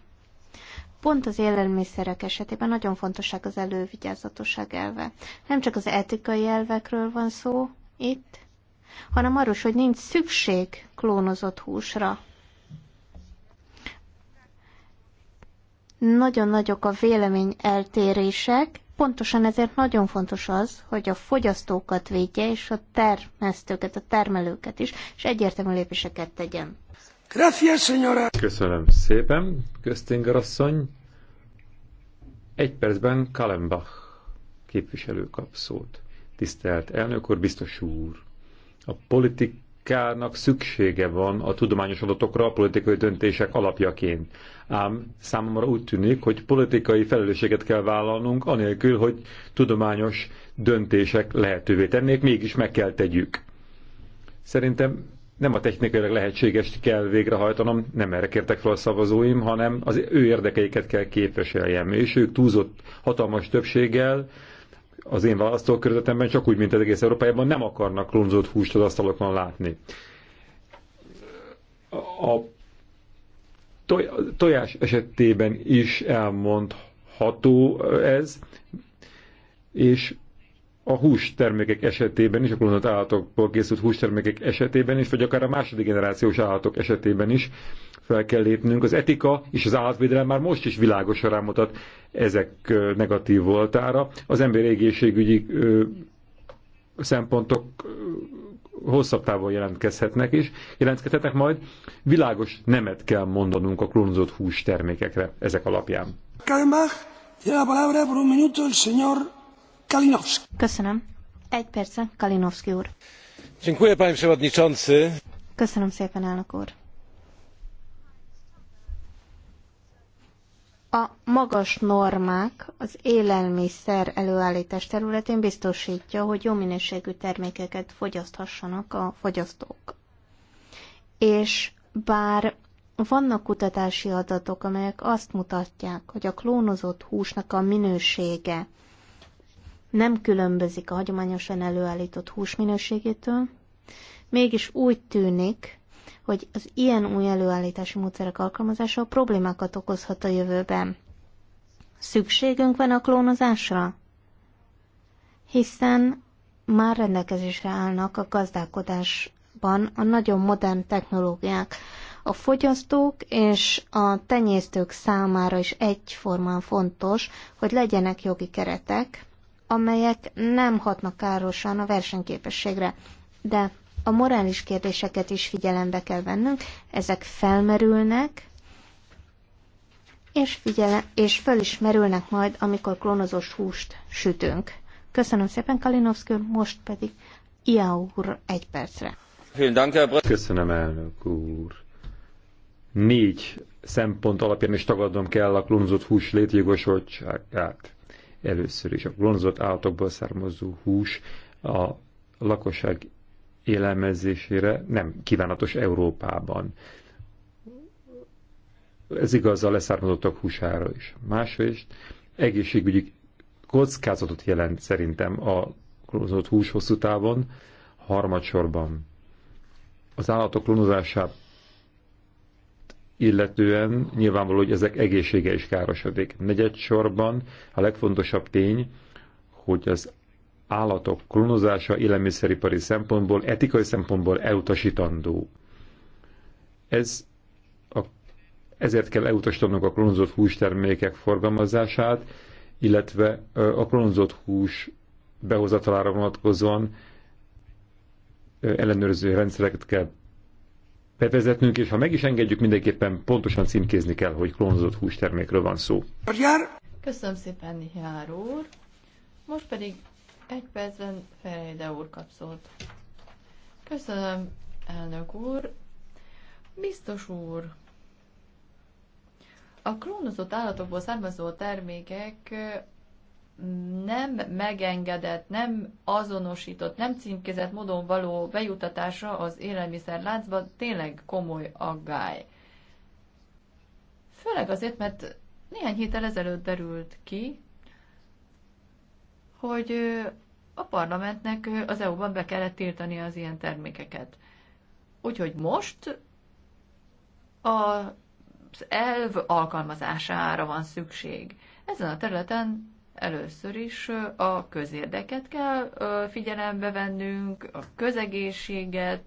Pont az élelmiszerek esetében nagyon fontosak az elővigyázatosság elve. Nem csak az etikai elvekről van szó itt, hanem arról, hogy nincs szükség klónozott húsra. Nagyon nagyok a vélemény eltérések, pontosan ezért nagyon fontos az, hogy a fogyasztókat védje, és a termesztőket, a termelőket is, és egyértelmű lépéseket tegyen. Köszönöm szépen, Köztinger asszony. Egy percben Kalembach képviselő kap szót. Tisztelt elnök úr, biztos úr! A politikának szüksége van a tudományos adatokra a politikai döntések alapjaként. Ám számomra úgy tűnik, hogy politikai felelősséget kell vállalnunk, anélkül, hogy tudományos döntések lehetővé tennék, mégis meg kell tegyük. Szerintem nem a technikailag lehetséges kell végrehajtanom, nem erre kértek fel a szavazóim, hanem az ő érdekeiket kell képviseljem, és ők túlzott hatalmas többséggel az én választókörzetemben, csak úgy, mint az egész Európában nem akarnak klónzott húst az asztalokon látni. A tojás esetében is elmondható ez, és a hústermékek esetében is, a klónozott állatokból készült hústermékek esetében is, vagy akár a második generációs állatok esetében is fel kell lépnünk. Az etika és az állatvédelem már most is világosan rámutat ezek negatív voltára. Az emberi egészségügyi szempontok hosszabb távon jelentkezhetnek is, jelentkezhetnek majd. Világos nemet kell mondanunk a klónozott hústermékekre ezek alapján. Kálmár, tiene la palabra por un minuto el señor Köszönöm. Egy úr. Dziękuję, panie przewodniczący. Köszönöm szépen, elnök úr. A magas normák az élelmiszer előállítás területén biztosítja, hogy jó minőségű termékeket fogyaszthassanak a fogyasztók. És bár vannak kutatási adatok, amelyek azt mutatják, hogy a klónozott húsnak a minősége nem különbözik a hagyományosan előállított hús minőségétől, mégis úgy tűnik, hogy az ilyen új előállítási módszerek alkalmazása problémákat okozhat a jövőben. Szükségünk van a klónozásra? Hiszen már rendelkezésre állnak a gazdálkodásban a nagyon modern technológiák. A fogyasztók és a tenyésztők számára is egyformán fontos, hogy legyenek jogi keretek, amelyek nem hatnak károsan a versenyképességre. De a morális kérdéseket is figyelembe kell vennünk, ezek felmerülnek, és, figyele, és föl is merülnek majd, amikor klónozós húst sütünk. Köszönöm szépen, Kalinowski, most pedig Ia úr egy percre. Köszönöm, elnök úr. Négy szempont alapján is tagadnom kell a klónozott hús létjogosultságát. Először is a klónozott állatokból származó hús a lakosság élelmezésére nem kívánatos Európában. Ez igaz a leszármazottak húsára is. Másrészt egészségügyi kockázatot jelent szerintem a klónozott hús hosszú távon, harmadsorban az állatok klónozását illetően nyilvánvaló, hogy ezek egészsége is károsodik. Negyedsorban a legfontosabb tény, hogy az állatok klónozása élelmiszeripari szempontból, etikai szempontból elutasítandó. Ez a, ezért kell elutasítanunk a klónozott hústermékek forgalmazását, illetve a klónozott hús behozatalára vonatkozóan ellenőrző rendszereket kell bevezetnünk, és ha meg is engedjük, mindenképpen pontosan címkézni kell, hogy klónozott hústermékről van szó. Köszönöm szépen, Nihár úr. Most pedig egy percben Ferejde úr kap szót. Köszönöm, elnök úr. Biztos úr, a klónozott állatokból származó termékek nem megengedett, nem azonosított, nem címkézett módon való bejutatása az láncba tényleg komoly aggály. Főleg azért, mert néhány héttel ezelőtt derült ki, hogy a parlamentnek az EU-ban be kellett tiltani az ilyen termékeket. Úgyhogy most az elv alkalmazására van szükség. Ezen a területen először is a közérdeket kell figyelembe vennünk, a közegészséget,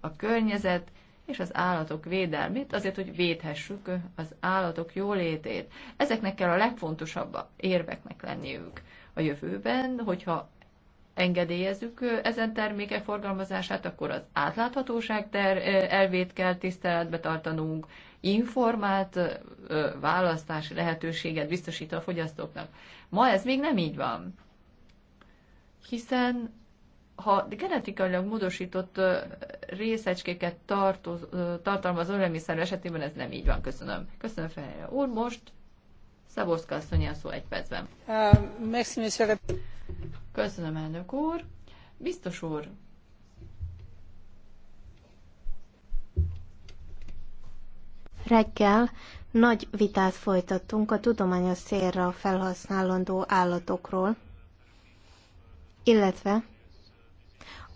a környezet és az állatok védelmét, azért, hogy védhessük az állatok jólétét. Ezeknek kell a legfontosabb érveknek lenniük a jövőben, hogyha engedélyezzük ezen termékek forgalmazását, akkor az átláthatóság ter elvét kell tiszteletbe tartanunk, informált választási lehetőséget biztosít a fogyasztóknak. Ma ez még nem így van. Hiszen ha genetikailag módosított részecskéket tartoz, tartalmaz élelmiszer esetében ez nem így van. Köszönöm. Köszönöm fel, úr. Most Szaborszka asszony szó egy percben. Um, Köszönöm, elnök úr. Biztos úr, reggel nagy vitát folytattunk a tudományos célra felhasználandó állatokról, illetve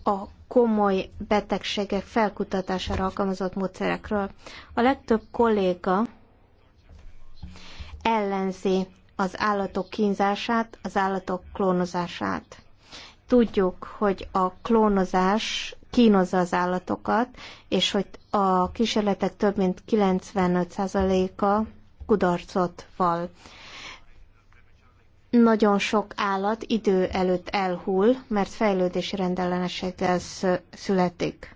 a komoly betegségek felkutatására alkalmazott módszerekről. A legtöbb kolléga ellenzi az állatok kínzását, az állatok klónozását. Tudjuk, hogy a klónozás kínozza az állatokat, és hogy a kísérletek több mint 95%-a kudarcot val. Nagyon sok állat idő előtt elhull, mert fejlődési rendellenességgel születik.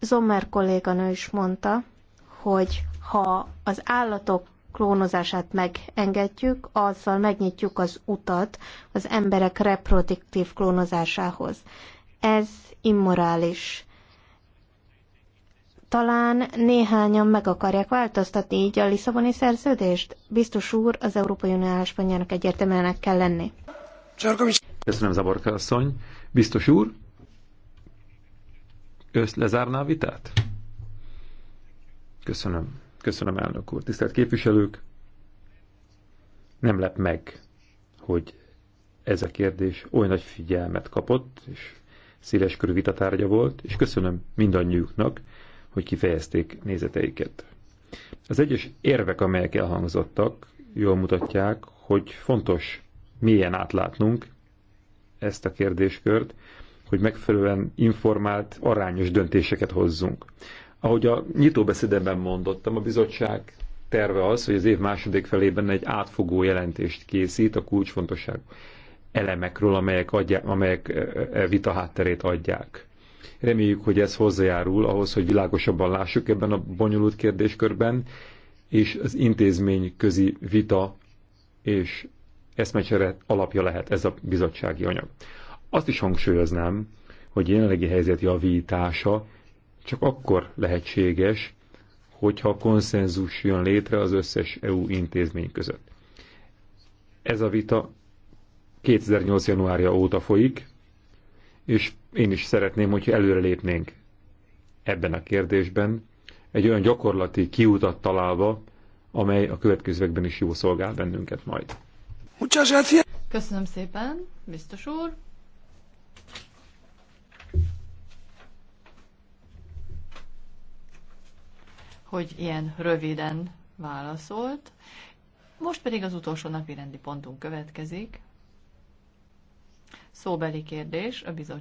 Zommer kolléganő is mondta, hogy ha az állatok klónozását megengedjük, azzal megnyitjuk az utat az emberek reproduktív klónozásához. Ez immorális. Talán néhányan meg akarják változtatni így a Lisszaboni szerződést? Biztos úr, az Európai Unió álláspontjának egyértelműenek kell lenni. Köszönöm, Zaborka asszony. Biztos úr, ősz lezárná a vitát? Köszönöm. Köszönöm, elnök úr. Tisztelt képviselők, nem lep meg, hogy ez a kérdés oly nagy figyelmet kapott, és széleskörű vitatárgya volt, és köszönöm mindannyiuknak, hogy kifejezték nézeteiket. Az egyes érvek, amelyek elhangzottak, jól mutatják, hogy fontos milyen átlátnunk ezt a kérdéskört, hogy megfelelően informált, arányos döntéseket hozzunk. Ahogy a nyitóbeszédemben mondottam, a bizottság terve az, hogy az év második felében egy átfogó jelentést készít a kulcsfontosságú elemekről, amelyek, adják, amelyek vita hátterét adják. Reméljük, hogy ez hozzájárul ahhoz, hogy világosabban lássuk ebben a bonyolult kérdéskörben, és az intézmény közi vita és eszmecsere alapja lehet ez a bizottsági anyag. Azt is hangsúlyoznám, hogy jelenlegi helyzet javítása csak akkor lehetséges, hogyha konszenzus jön létre az összes EU intézmény között. Ez a vita 2008. januárja óta folyik, és én is szeretném, hogyha előrelépnénk ebben a kérdésben, egy olyan gyakorlati kiutat találva, amely a következőkben is jó szolgál bennünket majd. Köszönöm szépen, biztos úr. hogy ilyen röviden válaszolt. Most pedig az utolsó napi rendi pontunk következik. Szóbeli kérdés a bizottság.